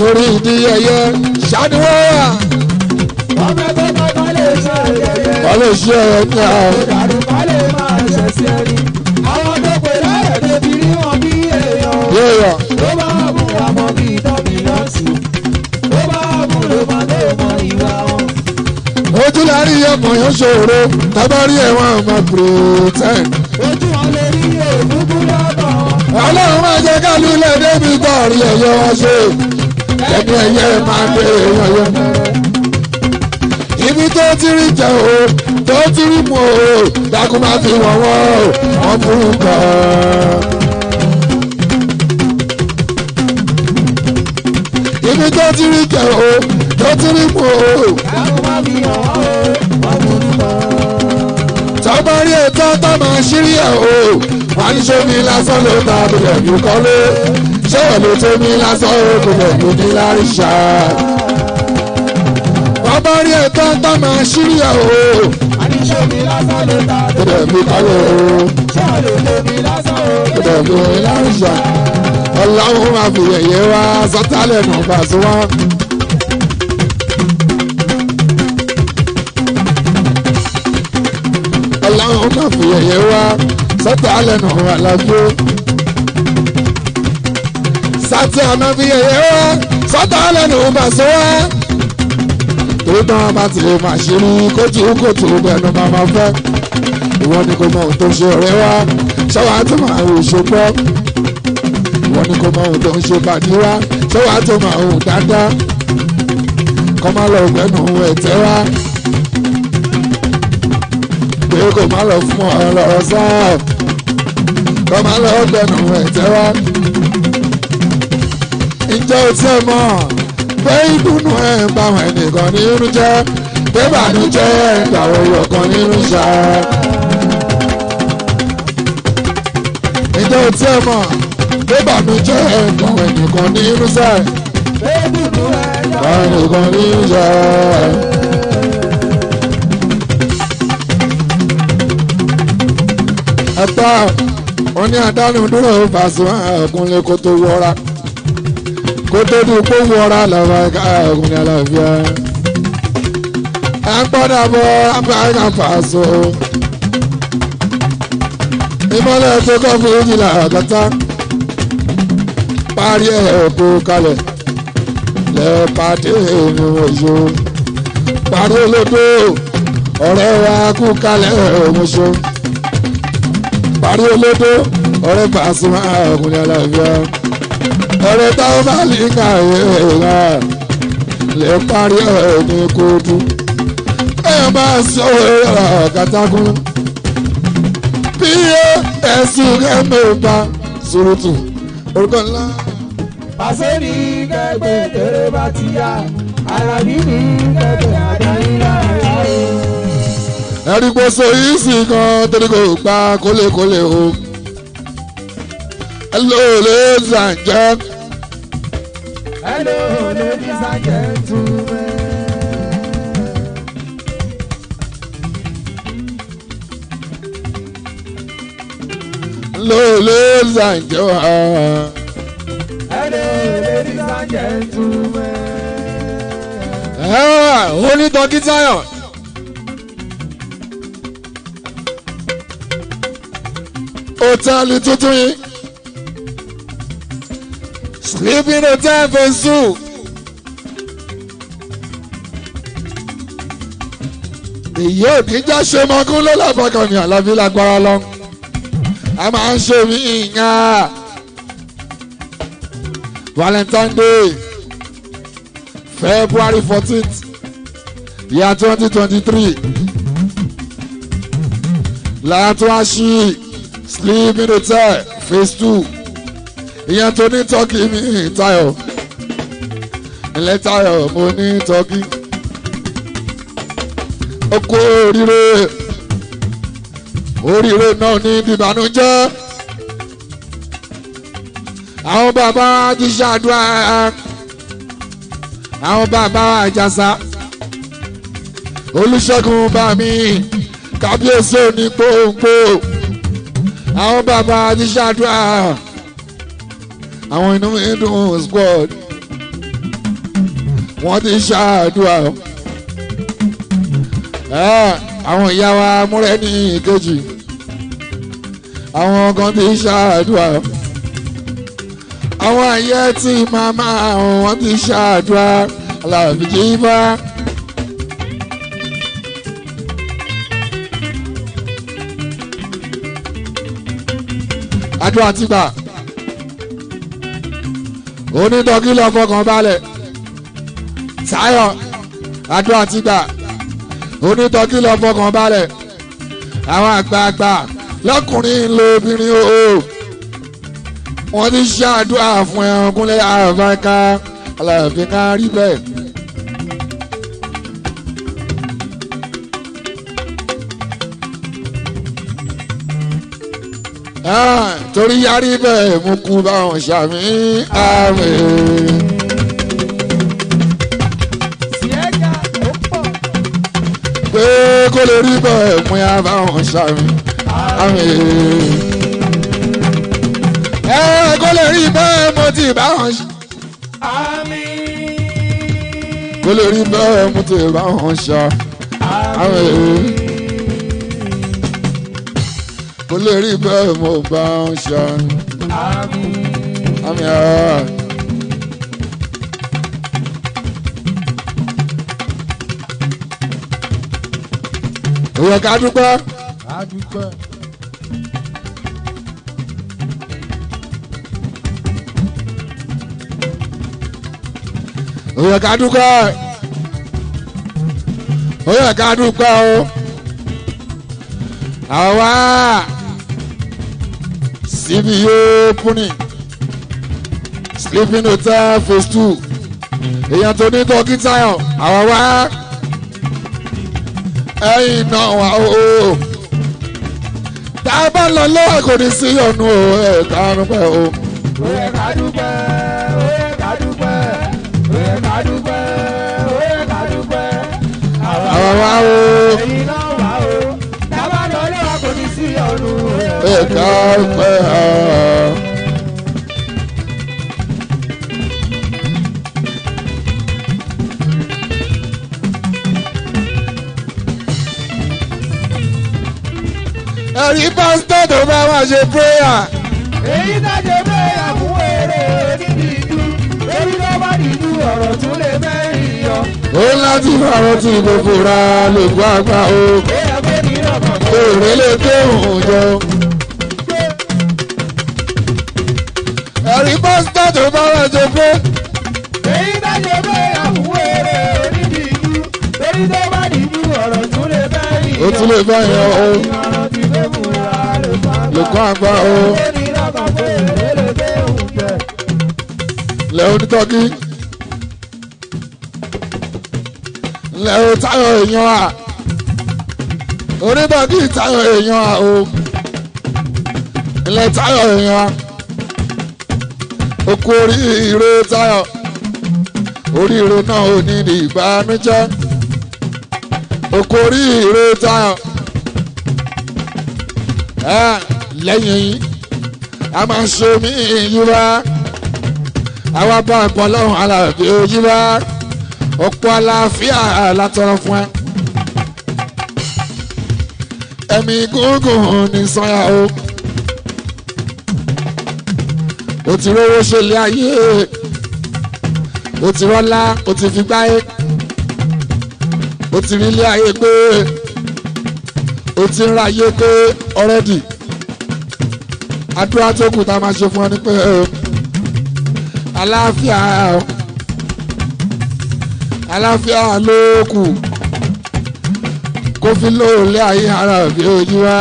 torí ìdí ẹyẹ ṣáníwọ́ wà. ọmọ ẹgbẹ́ bàbá lè ṣe ẹyẹ. wọ́n ṣe ẹyẹ ní àwọn. ìdàrúkọ lè máa ṣẹ̀ sí ẹni. àwọn tó pè láyẹ̀ débi rí wọn bí èèyàn. yóò ló bá mú àmọ́ bí tọ́bí lọ́sì. ló bá mú ló máa lè mọ ìwà wọn. ojú la rí ẹ̀mọ̀ yẹn ṣòro tábà rí ẹ̀wọ̀n àmọ́ pretend. ojú wọn lè rí èèyàn gbogbo lọ́dọ̀. ọlọ́run máa jẹ́ ká lulẹ̀ débi gbọ́ ọ̀rí ẹ̀yẹ wọn ṣe ẹnu ẹyẹ máa bèrè yọyọ. ibi tó ti rí jẹ o tó ti rí mu o dákun máa fi wọ̀n wọ́n o wọ́n burú gan-an. ibi tó ti rí jẹ o tó ti rí mu o. dákun máa fi wọ̀n wọ́n o wọ́n burú gan-an. tọ́mọ rí ètò tó máa ṣírí ẹ̀ o àníṣe mi lásán ló ta bìrẹ̀ mi kọ́lé ṣé èlò tó mi lásán ó bìrẹ̀ mi ní láríṣà. bàbá rí ẹ̀tọ́ tó máa ṣírí ẹ̀ o. àníṣe mi lásán ló ta bìrẹ̀ mi kọ́lé ṣé èlò tó mi lásán ó bìrẹ̀ mi ní láríṣà. ọlọ́run máa fi yẹ̀yẹ́ wá sọ́tálẹ̀ nù bàtú wá. ó má fi ẹ̀yẹ wá sátẹ̀ alẹ́ nà ọ̀hún alájó. sátẹ̀ ọ̀nà fi ẹ̀yẹ wá sátẹ̀ alẹ́ nà ọ̀hún bàṣọ wá. torí táwọn bá ti lè máa ṣe rí kójú kóòtù bẹ́ẹ̀nu màmá fẹ́. ìwọ ni kò mọ ohun tó ń ṣe ọ̀rẹ́ wá ṣọ́wọ́ á máa rò ṣepọ́. ìwọ ni kò mọ ohun tó ń ṣe bàdí wá ṣọ́wọ́ á máa rò dáadáa. kọ́ má lọ gbẹ́nu ẹ̀tẹ́ wá pé kò má lọ fún ọlọ́rọ̀ sáà kò má lọ dẹnu ẹ̀tẹ́ wá. ǹjẹ́ o tiẹ̀ mọ̀ pé ìdùnnú ẹ̀ ń bá àwọn ẹnìkan ní irú jẹ́ pé bànújẹ́ ẹ̀ ń gbà wọ́wọ́ kan ní irú ṣá. ǹjẹ́ o tiẹ̀ mọ̀ pé bànújẹ́ ẹ̀ ń bá àwọn ẹnìkan ní irú sẹ́ẹ̀. pé ìdùnnú ẹ̀ ń bá àwọn ẹnìkan ní irú ṣá. ẹ̀pá wọn ní àdánù dúró Pasuma ọkùnrin kó tó wọra kó tó dùn kó wọra lọ́wọ́ ọkùnrin àlàáfíà à ń gbọ́dọ̀ bọ́ abáyá fàṣọ. ìmọ̀lẹ̀ tó kọ́ fún ìjìlá àgọ́tà parí ẹ̀ kó kalẹ̀ lẹ́ pàdé inú oṣù parí olódò ọ̀rẹ́ wa kú kalẹ̀ oṣù. àrí olódó ọ̀rẹ́ Pasuma ọkùnrin aláàbíà ọ̀rẹ́ táwọn máa lè ka ìwà lè parí ọ̀rẹ́ kóòtù ẹ̀yọ́ máa sọ ọ̀rọ̀ katakun bí ẹ̀sùn kẹ́mẹ́ta sòròtù orúkọ ńlá. pàṣẹ ní kẹgbẹ́ tẹ̀rẹ̀ bá ti yá àràbí ní kẹgbẹ́ àdáyé láàyè ẹ̀rígbó so ìsì kan torí kò gba kólekóle o. hello ladies and gents. hello ladies and gentlemen. hello ladies and gentlemen. hello ladies and gentlemen. onítọ̀ kí sáyọ̀. hòtẹ́ẹ̀lì tuntun yìí sleeping hotel phase two. èyí ò ní já ṣe mọ́kún ló lábọ́kàn ní àlàbí lágbára lọ. a máa ń ṣe mí ìyàn Valentine Day February fourteenth year twenty twenty three láàtúwáṣí. Leave me sleeping hotel phase two ìyẹn tó ní tọ́kì mi Táyọ̀ ilẹ̀ Táyọ̀ mo ní tọ́kì oko oríire oríire náà ní bíbànújẹ́ àwọn bàbá ti ṣàdúrà àwọn bàbá àjàsà Olúṣẹ́gun bá mi kábíyèsí òní gbòǹgbò àwọn bàbá ti ṣàdúrà àwọn inú mi dùn squad wọ́n ti ṣàdúrà àwọn ìyá wa múrẹ́ ní ìkejì àwọn kan ti ṣàdúrà àwọn ayé tí màmá wọn ti ṣàdúrà làbìjì bá. àdúrà ti gbà onítọ́kí lọ fọkàn balẹ̀ Táyọ̀ àdúrà ti gbà onítọ́kí lọ fọkàn balẹ̀ àwọn àgbààgbà lọ́kùnrin lóbìnrin o wọ́n ti ṣe àdúrà fún ẹrankunlẹ̀ àfáká àlàfíkà rí bẹ́ẹ̀. Ah torí yarí bẹ́ẹ̀ mú kú báwọn ṣàmì àmín. pé kó lè rí bẹ́ẹ̀ mú ya báwọn ṣàmì àmín. ẹ kó lè rí bẹ́ẹ̀ mo ti báwọn ṣàmì àmín. kó lè rí bẹ́ẹ̀ mo ti báwọn ṣàmì àmín kò lè rí bẹ́ẹ̀ mo bá ń ṣan. àmín àá. ìwọ ká dúpẹ́. ká dúpẹ́. ká dúpẹ́. ó ká dúpẹ́ o. àwa. Sleeping CV opening sleeping hotel phase two èèyàn tó ní tọ́kí táyọ̀ àwọn wá ẹ̀yìn náà wà ó tá a bá lọ lọ́wọ́ kò ní sí ọ̀nù o ẹ̀ tá a rúbẹ̀ o. ó yẹ ká dúpẹ́ ó yẹ ká dúpẹ́ ó yẹ ká dúpẹ́ ó yẹ ká dúpẹ́ àwọn wá o. ẹ̀ka pẹ́ ha. ẹ̀rí pásítọ̀ tó bá wà ṣe pírẹ́yà. èyí tá a ṣe pírẹ́yà fún eré níbi ìdú lórí tó bá dìdú ọ̀rọ̀ tún lè mẹ́rin yọ. ó láti fàrọ̀ tí gbogbo ra lè gbọ́ àgbà o. èèyàn bẹ́ẹ̀ ni ìrọ̀kọ̀ tó rẹ́lẹ̀ tó ń jọ. jogbe. èyí tá jogbe àfúwé rẹ̀ níbi ìlú torí tó bá dìjú ọ̀rọ̀ tún lè fẹ́ yìí. ó tún lè fẹ́ yẹn o. ọ̀rọ̀ ti fẹ́ múra lè kọ́ àgbà o. lẹ́ onítọ́kí. lẹ́ o táyọ̀ èèyàn à. onítọ́kí táyọ̀ èèyàn à o. ilẹ̀ táyọ̀ èèyàn à ó kú oríire táyọ̀ oríire náà ò ní ní ìbànújẹ́ ó kú oríire táyọ̀ lẹ́yìn yìí a máa ṣe mí yíra àwa bá ọ̀pọ̀ lọ́hùn aláàbí yíra ọ̀pọ̀ àlàáfíà látọrọ fún ẹ ẹ̀mí gúngùn ní sọ́yà o. o ti rówó ṣẹlẹ̀ ayé o ti rọ́lá o ti fi gbáyé o ti rí ilé ayé pé o ti ń ráyé pé ọ̀rẹ́dì àdúrà tó kù tá a máa ṣe fún ọ ni pé àlàáfíà àlàáfíà ló kù kó fi lóòlé ayé ara òbí ojú wa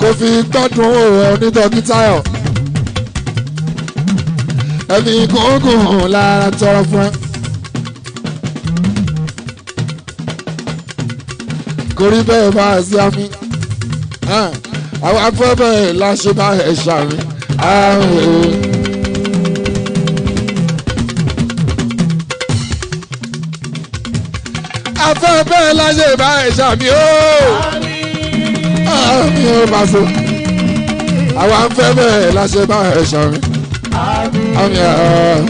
kó fi gbọ́dún òwò onítọ̀ọ́gítayọ̀ ẹbí kókó hàn lára tọrọ fún ẹ. kórí bẹ́ẹ̀ bá a sí àmì àwọn afẹ́fẹ́ láṣẹ bá ẹ̀ ṣàmì. afẹ́fẹ́ láṣẹ bá ẹ̀ ṣàmì ooo. àmì ò bá so àwọn afẹ́fẹ́ láṣẹ bá ẹ̀ ṣàmì àmì ẹ̀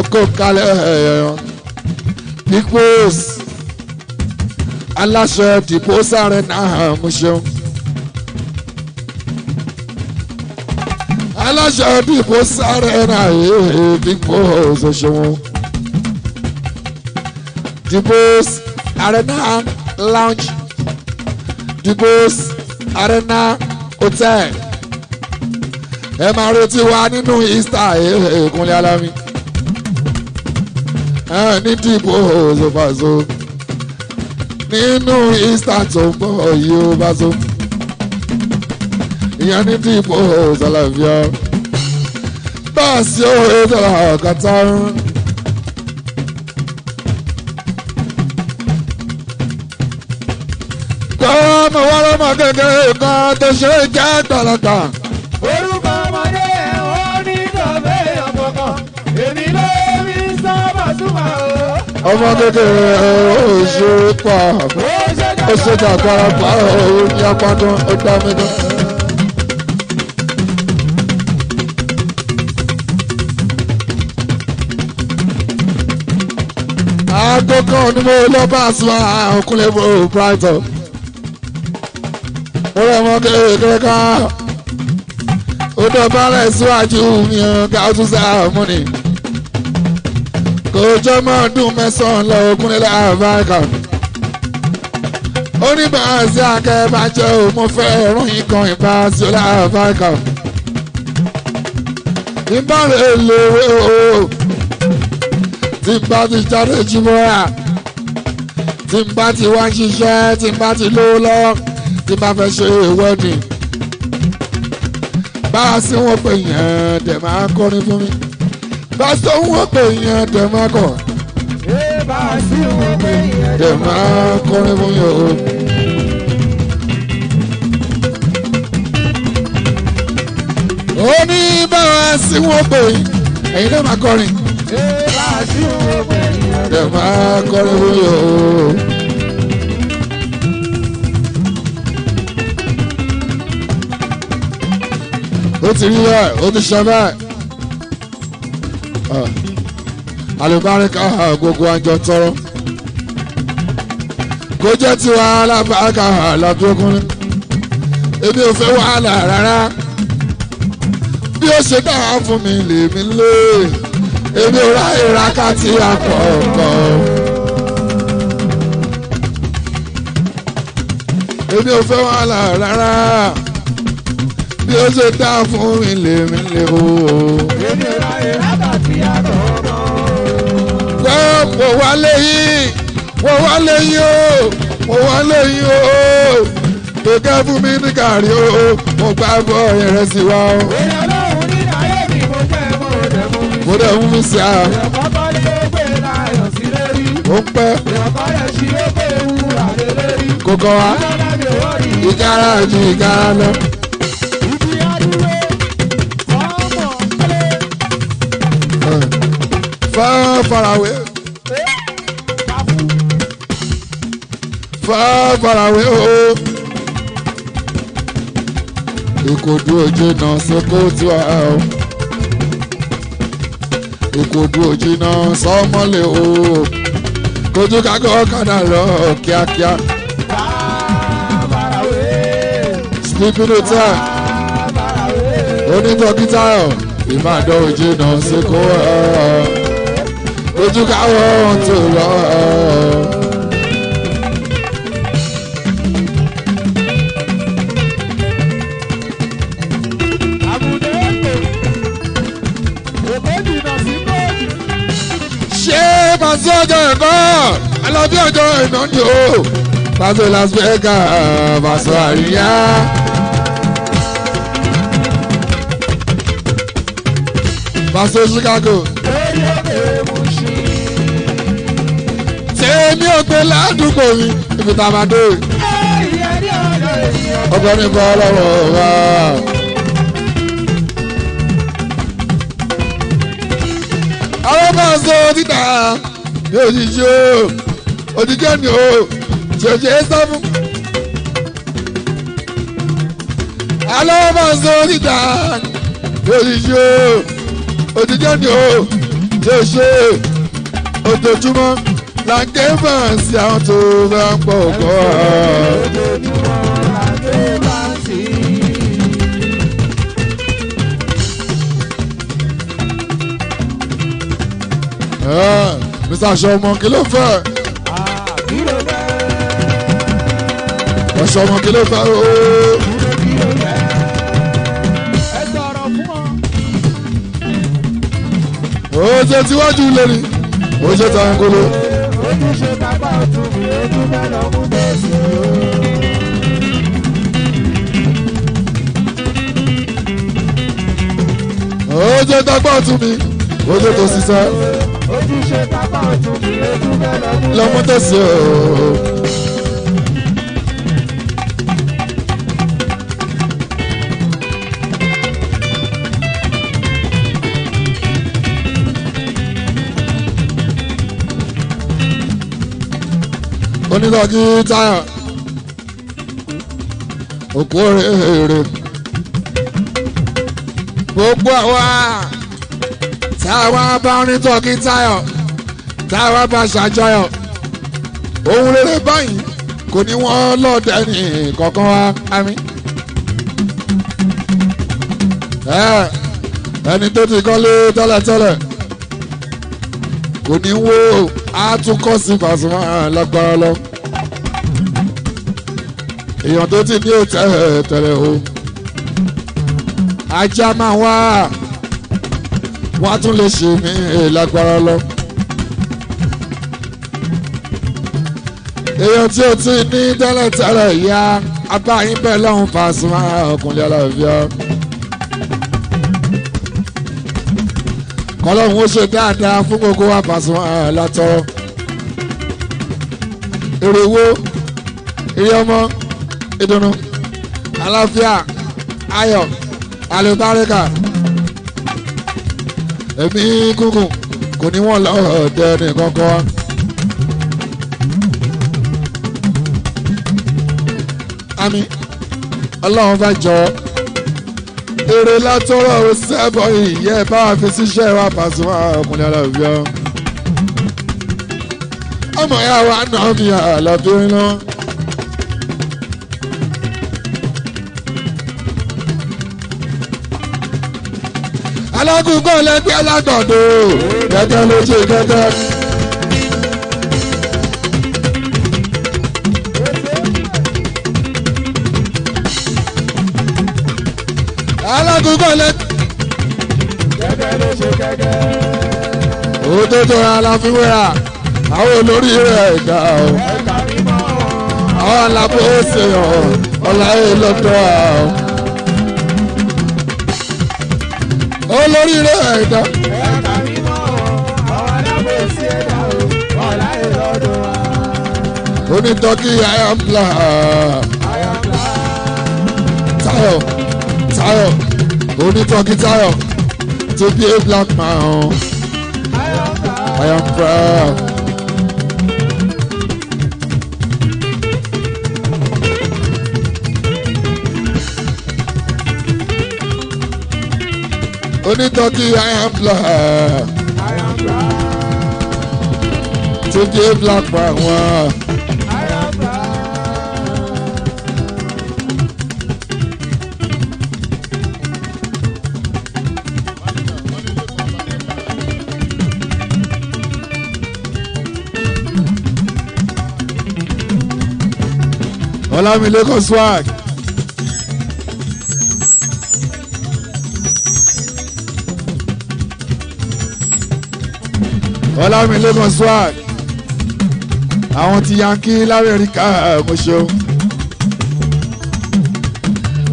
oko kalẹ̀ ẹ̀yọ̀ pípọ́s aláṣọ dìbò sáré náà mo ṣeun. aláṣọ dìbò sáré náà yéé pípọ́s o ṣeun. dìbòs arena lounge dìbòs arena hotel ẹ máa retí wa nínú Easter eh, eh, Kúnlé Alábí ní dìbò òṣòfàṣò nínú Easter tó ń bọ̀ yìí ó bá so ìyẹn ní dìbò òṣòlàfíà báàsì òwe eh, tọ̀là ọ̀kàtà. kọ́ ọmọ wa lọ́mọ kékeré kan tó ṣe é jẹ́ àgbàlagbà. ọmọ kékeré oṣù pa oṣù kàkàrà pa òun ní apádán ó dá mi dán. ni mo lọ bá a sùn àkúnlẹ̀ mo brighton mo rẹ̀ mọ́ kékeré ká ó dọ̀ bá rẹ̀ síwájú mi ọ̀gá ọ̀tún sáà mọ́ni kòjọ́ máa dùn mẹ́sàn-án lọ Ògúnlélé àbáríkà. ó ní bàá sí akẹ́bà jẹ́ òun mo fẹ́ rún ikàn ìbá sí ọlá àbáríkà. ìbára lèrè o tí n bá ti jáde jùmọ́ra tí n bá ti wá ń ṣiṣẹ́ tí n bá ti lówó lọ́wọ́ tí n bá fẹ́ ṣe ìwọ́dì. bá wọn pè yẹn dẹ̀ máa kọrin fún mi pásítọ̀ ń wọ́n pè yẹn tẹ̀ máa kọ̀. bá a sì wọ́n pè yẹn tẹ̀ máa kọrin fún yẹn o. ó ní bá a sì wọ́n pè ẹ̀yin náà máa kọrin. bá a wọ́n pè yẹn tẹ̀ máa kọrin fún yẹn ó ti rí báyìí ó ti ṣe báyìí àlùbáríkà ah. ah, gbogbo àjọ tọrọ kó jẹ́ tiwa alábàákà lọ́dúnkùnrin èmi ò fẹ́ wàhálà rárá bí ó ṣe dáhà fún mi lèmi lé èmi ò ráyè rákàtì àkọ́kọ́. èmi ò fẹ́ wàhálà rárá bí ó ṣe dá fún mi lèmi lè o. èmi ò ráyè rárá wò wá léyìn wò wá léyìn o wò wá léyìn o tó kẹ́ fún mi ní gàrí o mo gbà bọ́ ìrẹsì wa o. mo dẹ̀ ń mú sí a. ó ń pẹ́. kókó wa ìkárà ju ìkárà lọ. far far away far far away Oh, o. Ìkòdú òjì náà sókó tí wà o. Ìkòdú òjì náà lo o. Kojú kákọ́ ọ̀kadà lọ kíákíá. Sleeping hotel. Onítọ̀ gítà ọ̀ ìbàdàn òjì náà sókó ọ̀ ojú káwọ́ ohun tó lọ. ṣé pàṣẹ ọjọ́ ẹ̀kọ́ alábí ọjọ́ ìnáni o pàṣẹ Las Vegas pàṣẹ àríyá. pàṣẹ Chicago. èmi ò pé ládùúgbò mi ibi tá a máa dé. ọgbọ́n ní bọ́ lọ́wọ́ wa. àwọn máa ń sọ títà ní òjijì o òjijì ni o ṣèṣe sáfù. àwọn máa ń sọ títà ní òjijì o òjijì ni o ṣèṣe ojoojúmọ́ làǹkè máa ń ṣe àwọn tó bá ń pọ̀ kọ́. Ah, Mr. Ṣọmọ kí ló fẹ́? Ọ̀ṣọ́mọ kí ló fẹ́ ooo. Oje tiwaju lórí, oje tangolo tún ṣe bàbá ọ̀tún mi ojú mẹ́lọ mú bẹ́ẹ̀sì o. ojú tọgbọ́n ọ̀tún mi ojú tó ṣiṣẹ́. ojú ṣe bàbá ọ̀tún mi ojú mẹ́lọ mú bẹ́ẹ̀sì o. onítọ́jú táyà òkú rèére gbogbo àwa táwa bá onítọ́jú táyà táwa bá ṣàjọyọ̀ ohun rere báyìí kò ní wọ́n lọ́ọ̀dẹ ní kankan wa àmì. ẹni tó ti kọ́lé tẹ́lẹ̀tẹ́lẹ̀ kò ní wó o á tún kọ́ sí Pasuma lágbára lọ. èèyàn tó ti ní òtẹ́ tẹ̀lé o. ajá máa wá wá tún lè ṣe mí lágbára lọ. èèyàn tí o ti ní tẹ́lẹ̀ tẹ́lẹ̀ yá abáyín bẹ́ẹ̀ lọ́hùn Pasuma ọkùnrin aláàfíà. kọlọ́hún ó ṣe dáadáa fún gbogbo wa Pasuma eh, látọrọ èrè wo èrè ọmọ ìdùnnú àlàáfíà ayọ̀ àlùbáríkà ẹ̀mí gúngùn kò ní wọ́n lọ́ọ́ dẹ nìkan kan. àmín ọlọ́run bá jọ èrè látọ̀rọ̀ sẹ́bọ̀ ìyẹ́ bá a fi ṣiṣẹ́ wa Pasuma ọkùnrin alábíọ́. ọmọ ya wa náà mi àlàbí iná. alágùnkàn lẹgbẹ́ alágbọ̀dọ̀ gẹ́gẹ́ ló ṣe gẹ́gẹ́. ṣẹ́gun kọ́lẹ́. kẹ́kẹ́ ló ṣe kẹ́kẹ́. òótótó aláfiwéra àwọn olórí rẹ̀ ga o. àwọn alábò ṣe hàn ọ̀làyé lọ́dọ̀ àwọn. olórí rẹ̀ ga. onítọ́kì ayọ̀mùlá. Tayo, Tayo onítọ̀kítayọ̀ to be a black man I am proud. onítọ̀kí I am black to be a black man. Wow. Salami Lagos swag. Salami Lagos swag. Àwọn ti Yankí l'Amẹ́ríkà mo ṣeun.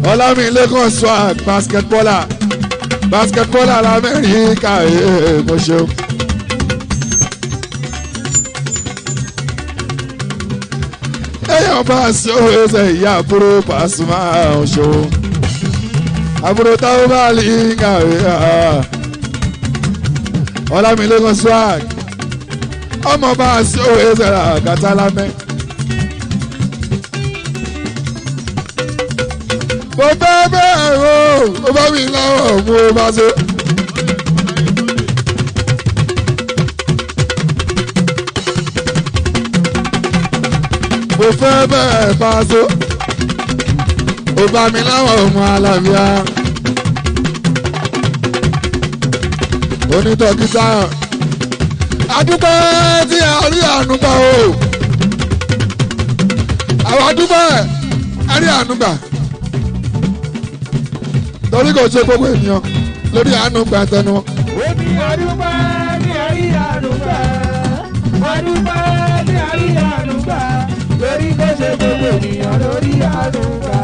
Salami Lagos swag basketballer basketballer l'Amẹ́ríkà mo yan Paso sai ya buru Pasuma Osho aburo táwọn bá lè kàwé Ọlámilékan swag ọmọ Paso sẹ́ra kàtà lámẹ́. mo fẹ́ bẹ́ẹ̀ o mo bá mi láwọ̀ mo bá ṣe. mo fẹ́ bẹ́ẹ̀ bá so ó bá mi láwọn ọmọ alábíà onítọ̀kítà adúpẹ́ tí a rí àánú o àwọn adúpẹ́ a rí àánú gbà torí kò ṣe gbogbo ènìyàn lórí àánú tẹnu. ó ní ló ṣe gbogbo ènìyàn lórí àlùkà.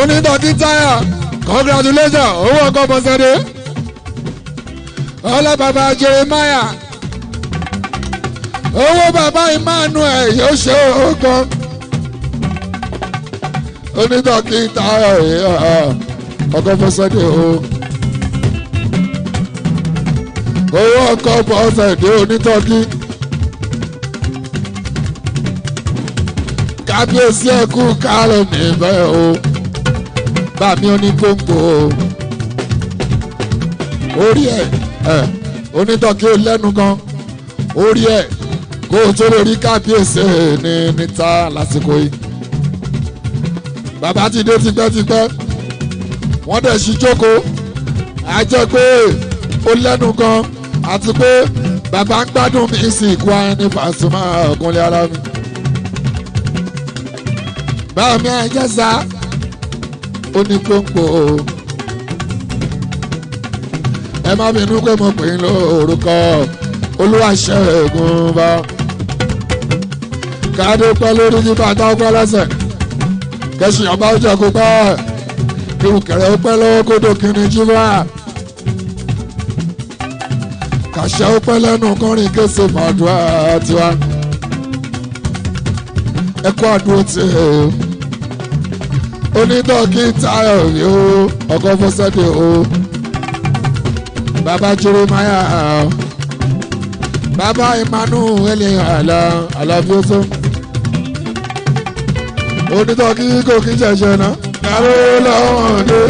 onítọ̀tí táyà congratulation owó ọkọ̀ bọ̀sẹ̀dé ọlọ́bàbà Jeremiah owó bàbá Emmanuel yóò ṣe ọkọ̀ onítọ̀tí táyà ọkọ̀ bọ̀sẹ̀dé o owó ọkọ̀ bọ́ọ̀sẹ̀ dé onítọ́jú. kábíyèsí ẹ̀kú kárọ̀ níbẹ̀ o bàmí onígbòǹgbò orí ẹ̀ ẹ̀ onítọ́jú lẹ́nu gan orí ẹ̀ kó o tó lè rí kábíyèsí ní níta lásìkò yìí. bàbá ti dé tipẹ́tipẹ́ wọ́n dẹ̀ ṣí jókòó a jẹ́ pé ó lẹ́nu gan àti pé bàbá ń gbádùn mi sí ikú ayé ní Pasuma ọ̀gúnlẹ̀ ara mi. báwo ni ẹ jẹ́ sá ó ní pọ́npọ́ ẹ má bínú pé mo pè é lórúkọ olúwaṣẹ́ ògùn bá káàdé pẹ́ lórí yípa táwọn lẹ́sẹ̀ kẹ́sì ọba ó kó pẹ́ irun ó pẹ́ lọ́wọ́ kó dókínní jíwá àṣà ó pẹ́ lẹ́nu kọrin kése màdúrà tiwa ẹ kó àdúró tiẹ̀ onídọ́kítà ọ̀yọ́ ọkọ̀ fọ́sẹ́dẹ̀ o bàbá Jeremiah bàbá Emmanuel àlà àlàfíà tó onítọ́kí kò kí jẹ̀jẹ̀ náà káró lọ́wọ́n dé.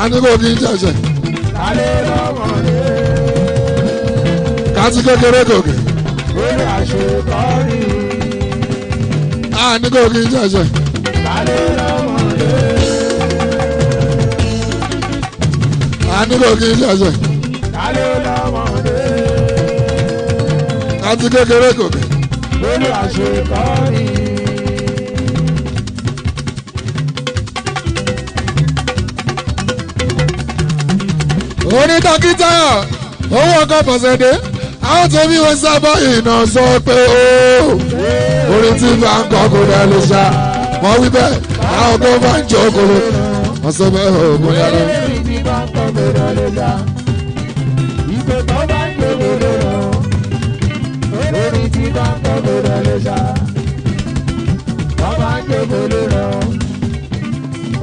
àníkò kí n ṣẹ̀ṣẹ̀. kálẹ̀ lọ́mọdé. kátí kékeré gòkè. lórí àṣetọ́ ni. àníkò kí n ṣẹ̀ṣẹ̀. kálẹ̀ lọ́mọdé. àníkò kí n ṣẹ̀ṣẹ̀. kálẹ̀ lọ́mọdé. kátí kékeré gòkè. lórí àṣetọ́ ni. mo ní dókítà owó ọkọ̀ pọ̀sẹ̀dé àwọn tó bí wọn sábà iná sọ pé ó orin tí bá ń kọ́ kó dá lè ṣá mọ wí bẹ́ẹ̀ àwọn tó bá ń jọ kó lè sọ bẹ́ẹ̀ ó oh, mo yá lọ.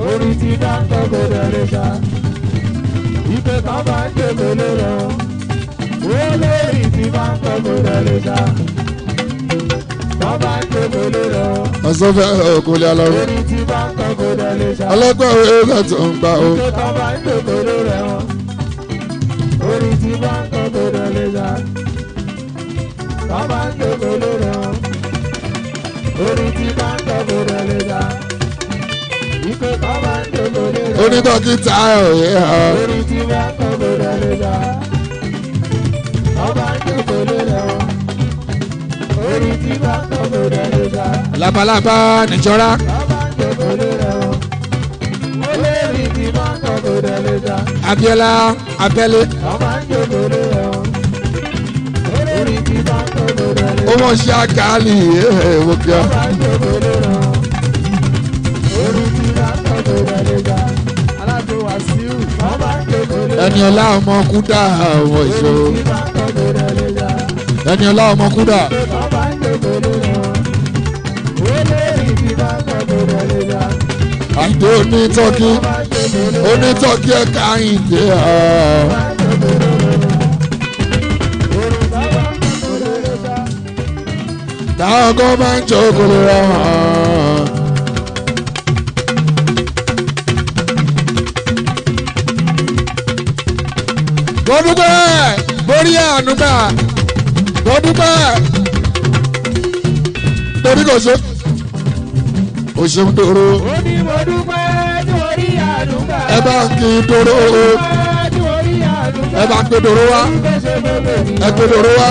Orin tí ìpè kan bá ń gbé mi lérò wọ́n lórí ti bá ń kọ́ mi rẹ̀ lè dá kan bá ń gbé mi lérò. ọ̀sọ́fẹ́ òkúlẹ̀ alọ́run. lórí ti bá ń kọ́ mi rẹ̀ lè dá. ọlọ́gbọ́n òwe ẹgbẹ́ tó ń gbà ó. ìpè kọ́ bá ń gbé mi onídọ́kítà òye hàn. lórí tí bá kọ́ ló rẹ̀ lè dá ọba jókòó ló rẹ̀ wọ́n. lórí tí bá kọ́ ló rẹ̀ lè dá. labalábá nìjọra. ọba jókòó ló rẹ̀ wọ́n. lórí tí bá kọ́ ló ẹni ọlá ọmọ kúdà ọmọ ìṣó ẹni ọlá ọmọ kúdà. àdó onítọ́kí onítọ́kí ẹ̀ka ìdè ọ̀. táwọn gọ́ọ̀mẹ̀ntì òkúlẹ̀ ọ̀hún. mo dúpẹ́ borí àánú gbà mo dúpẹ́ torí kò ṣe o ṣeun toro. ó ní mo torí àánú ẹ bá ń kí toro o ẹ bá ń pè toro wa ẹ pè toro wa.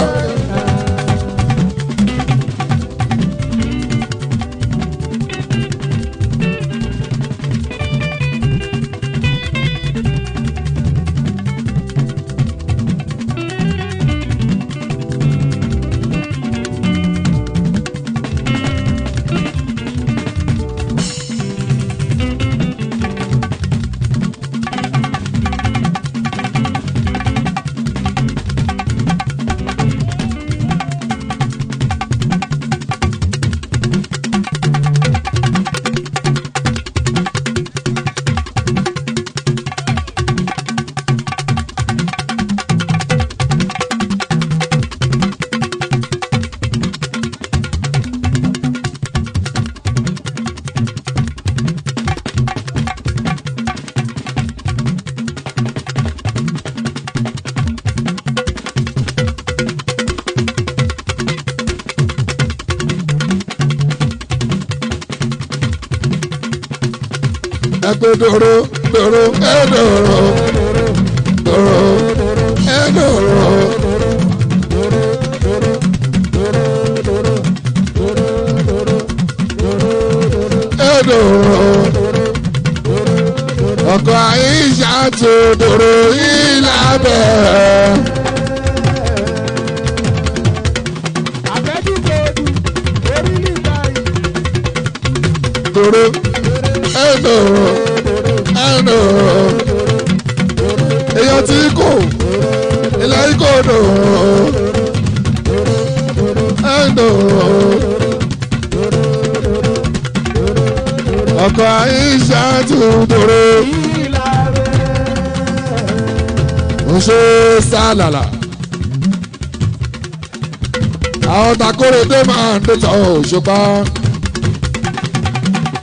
àwọn òṣùpá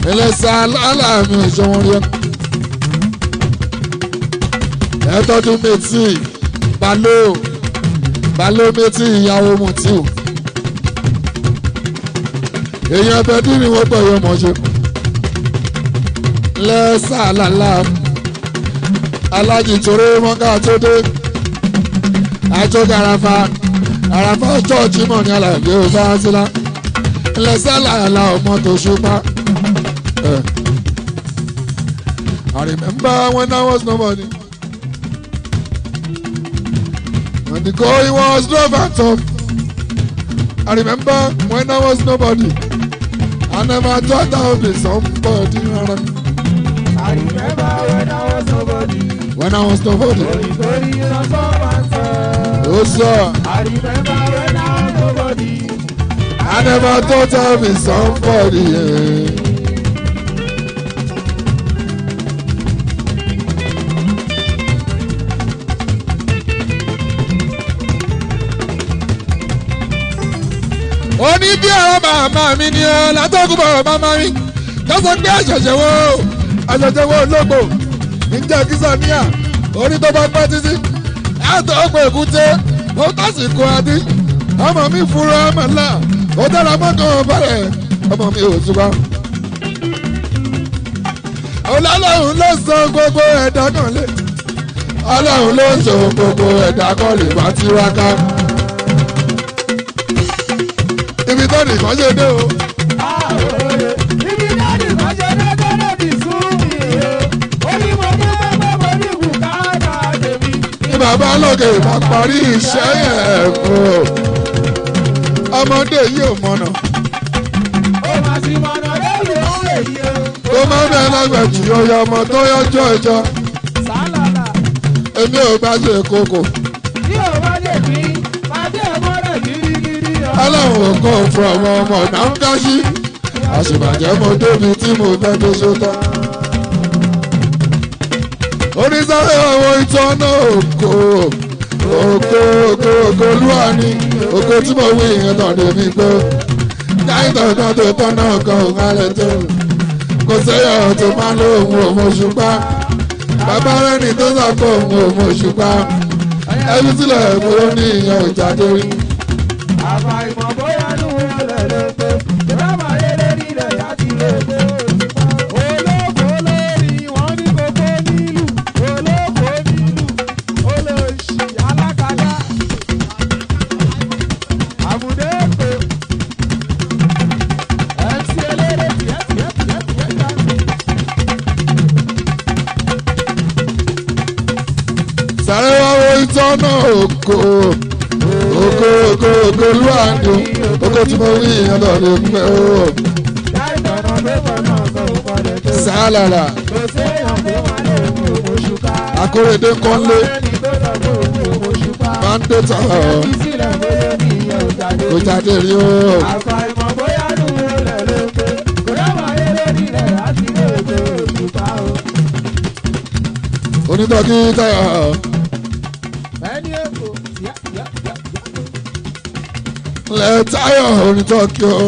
ẹlẹ́sà aláàmì ìṣòwò rẹ ẹ méjì balo balo méjì ìyàwó mùtìù èèyàn ẹbẹ ni ní wọ́n tọ̀yọ̀ mọ̀ ṣe lẹ́sà lálá alájìjòrè mọ́ká tó garafa àràfà ṣọ́ọ̀ṣì mọ̀ ní alàgbé ọ̀sán sílá lọ ọmọ tó ṣùpá. I remember when I was nobody. when the going was rough and tough. I remember when I was nobody. I never thought I would be somebody. I remember when I was nobody. When I was nobody. Oh, sir. I remember when I never thought I'd be somebody. Yeah. ó ní bí ọ̀rọ̀ màmá mi ni ọ látọ́kùn bọ̀rọ̀ màmá mi lọ́sọ̀ pé àṣẹ̀ṣẹ̀ wo àṣẹ̀ṣẹ̀ wo lógbò níjà kìsàníà orí tó bá pẹ́ títí látọ̀ ọ̀pọ̀ èkúté ó tàṣìkò adí ọmọ mi fúnra ọmọ náà ó dára mọ́kàn balẹ̀ ọmọ mi ò túbọ̀. ọlọ́run ló sọ gbogbo ẹ̀dá kan lé ọlọ́run ló sọ gbogbo ẹ̀dá kan lè bá tiraka. ibi tó nìkan ṣe dé o. Bàbá lókè bá parí iṣẹ́ yẹn fún o ọmọdé yìí ò mọ̀nà. ó máa ti mọ̀nà lẹ́yìn òun èyí o. tó máa bẹ lágbàjì ọyọ ọmọ tó yọjọ ẹjọ. sálàlà. èmi ò bá ṣe kókò. bí ò bá lè fi pàdé ọmọdé gírígírí ọ. aláwọ̀ kan fún ọmọ ọmọ náà ń dá sí. àṣìbàjẹ́ mo débi tí mo fẹ́ tó ṣe tán onísáré àwọn ìtọ́nà ògo ògo ògo ògo olúwa ni. Oko tí mo wí ìyẹn náà lè mí gbó dáìtọ̀ náà tó tán náà kan òun alẹ́ tó kò sẹ́yọ̀ tó máa lọ òun òun òṣùpá bàbá rẹ́ni tó sọ pé òun òṣùpá ẹbí sílẹ̀ ìgboro ní ìyẹn òjáde rí. àbá ìmọ̀ bóyá ló wọlé lẹ́gbẹ̀ẹ́. oko oko oko oko olúwàndùn oko tí mo rí ìyẹn lọ rí pẹ́ o. sálàlà akóredé kọ́lé máa ń dé tán kò jáde rí o. onítọ̀ ilẹ̀ táyọ̀ orin tọ́kì o.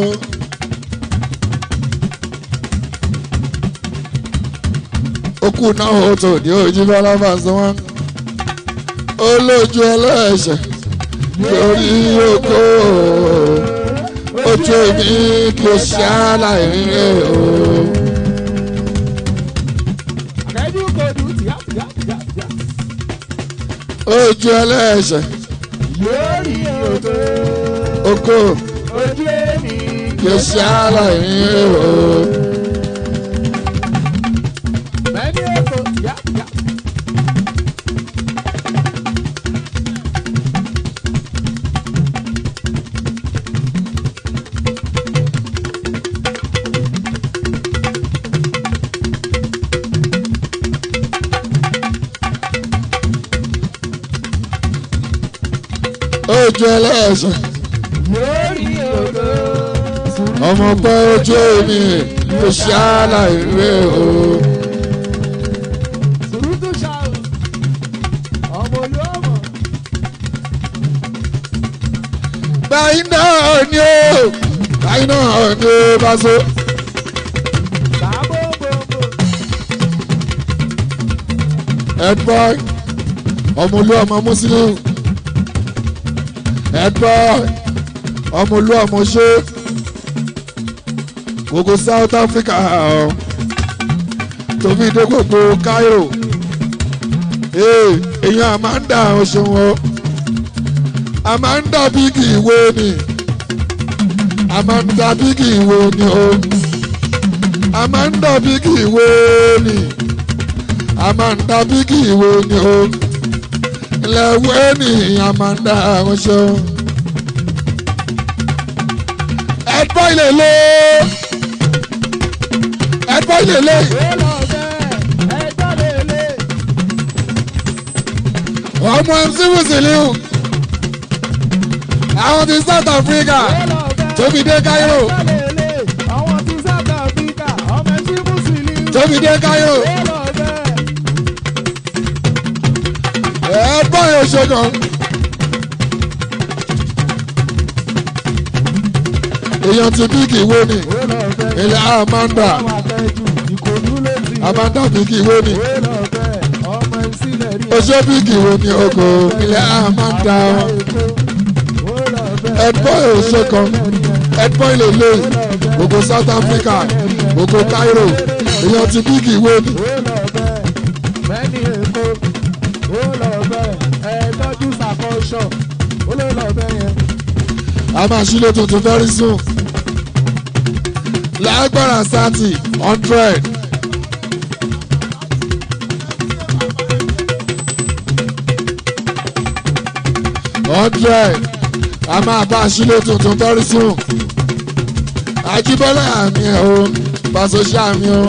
okùn náà ó tò ní ojú bálábà sí wọn. ó lójú ẹlẹ́ṣẹ̀ lórí oko ojú èmi kò ṣàlàyé rẹ̀ o. ojú ẹlẹ́ṣẹ̀ oko ojú èmi kì í ṣe aláìní èrò. ojú ẹlẹ́sìn ọmọ pẹ́ ojú mi kò ṣàlàyé o. báyìí náà ni ó báyìí náà ni ó bá so. head boy ọmọ olú ọmọ muslim head boy ọmọ olú ọmọ ṣe gbogbo South Africa o tó fi dé gbogbo Cairo èèyàn Amanda ọ̀ṣun Amanda big ìwé ni Amanda big ìwé ni o Amanda big ìwé ni Amanda big ìwé ni o lẹ́wọ́ ni Amanda ọ̀ṣun. ẹ̀gbọ́n ilé lóò ẹgbọ́n yìí lé. ọmọ MC Wusiliu àwọn ti South Africa tóbi dé Cairo tóbi dé Cairo ẹgbọ́n yìí ṣogan. èèyàn ti bí kì í wó ni àbádá bí kì í wé ni. oṣó bí kì í wé ni oko ilẹ̀ àmàdá ẹ̀dbọ́n oṣó kan ẹ̀dbọ́n ilé ilé gbogbo South Africa gbogbo Cairo èèyàn ti bí kì í wé ni. a máa ṣílẹ̀ tuntun very soon lágbára thirty hundred. hundred a máa bá sílé tuntun tọ́rí sùn Àjíbọ́lá mi ò pàṣẹṣà mi ò.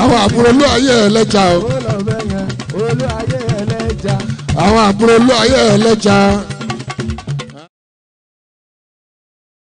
àwọn àbúrò ló ayé ẹlẹ́jà o àwọn àbúrò ló ayé ẹlẹ́jà.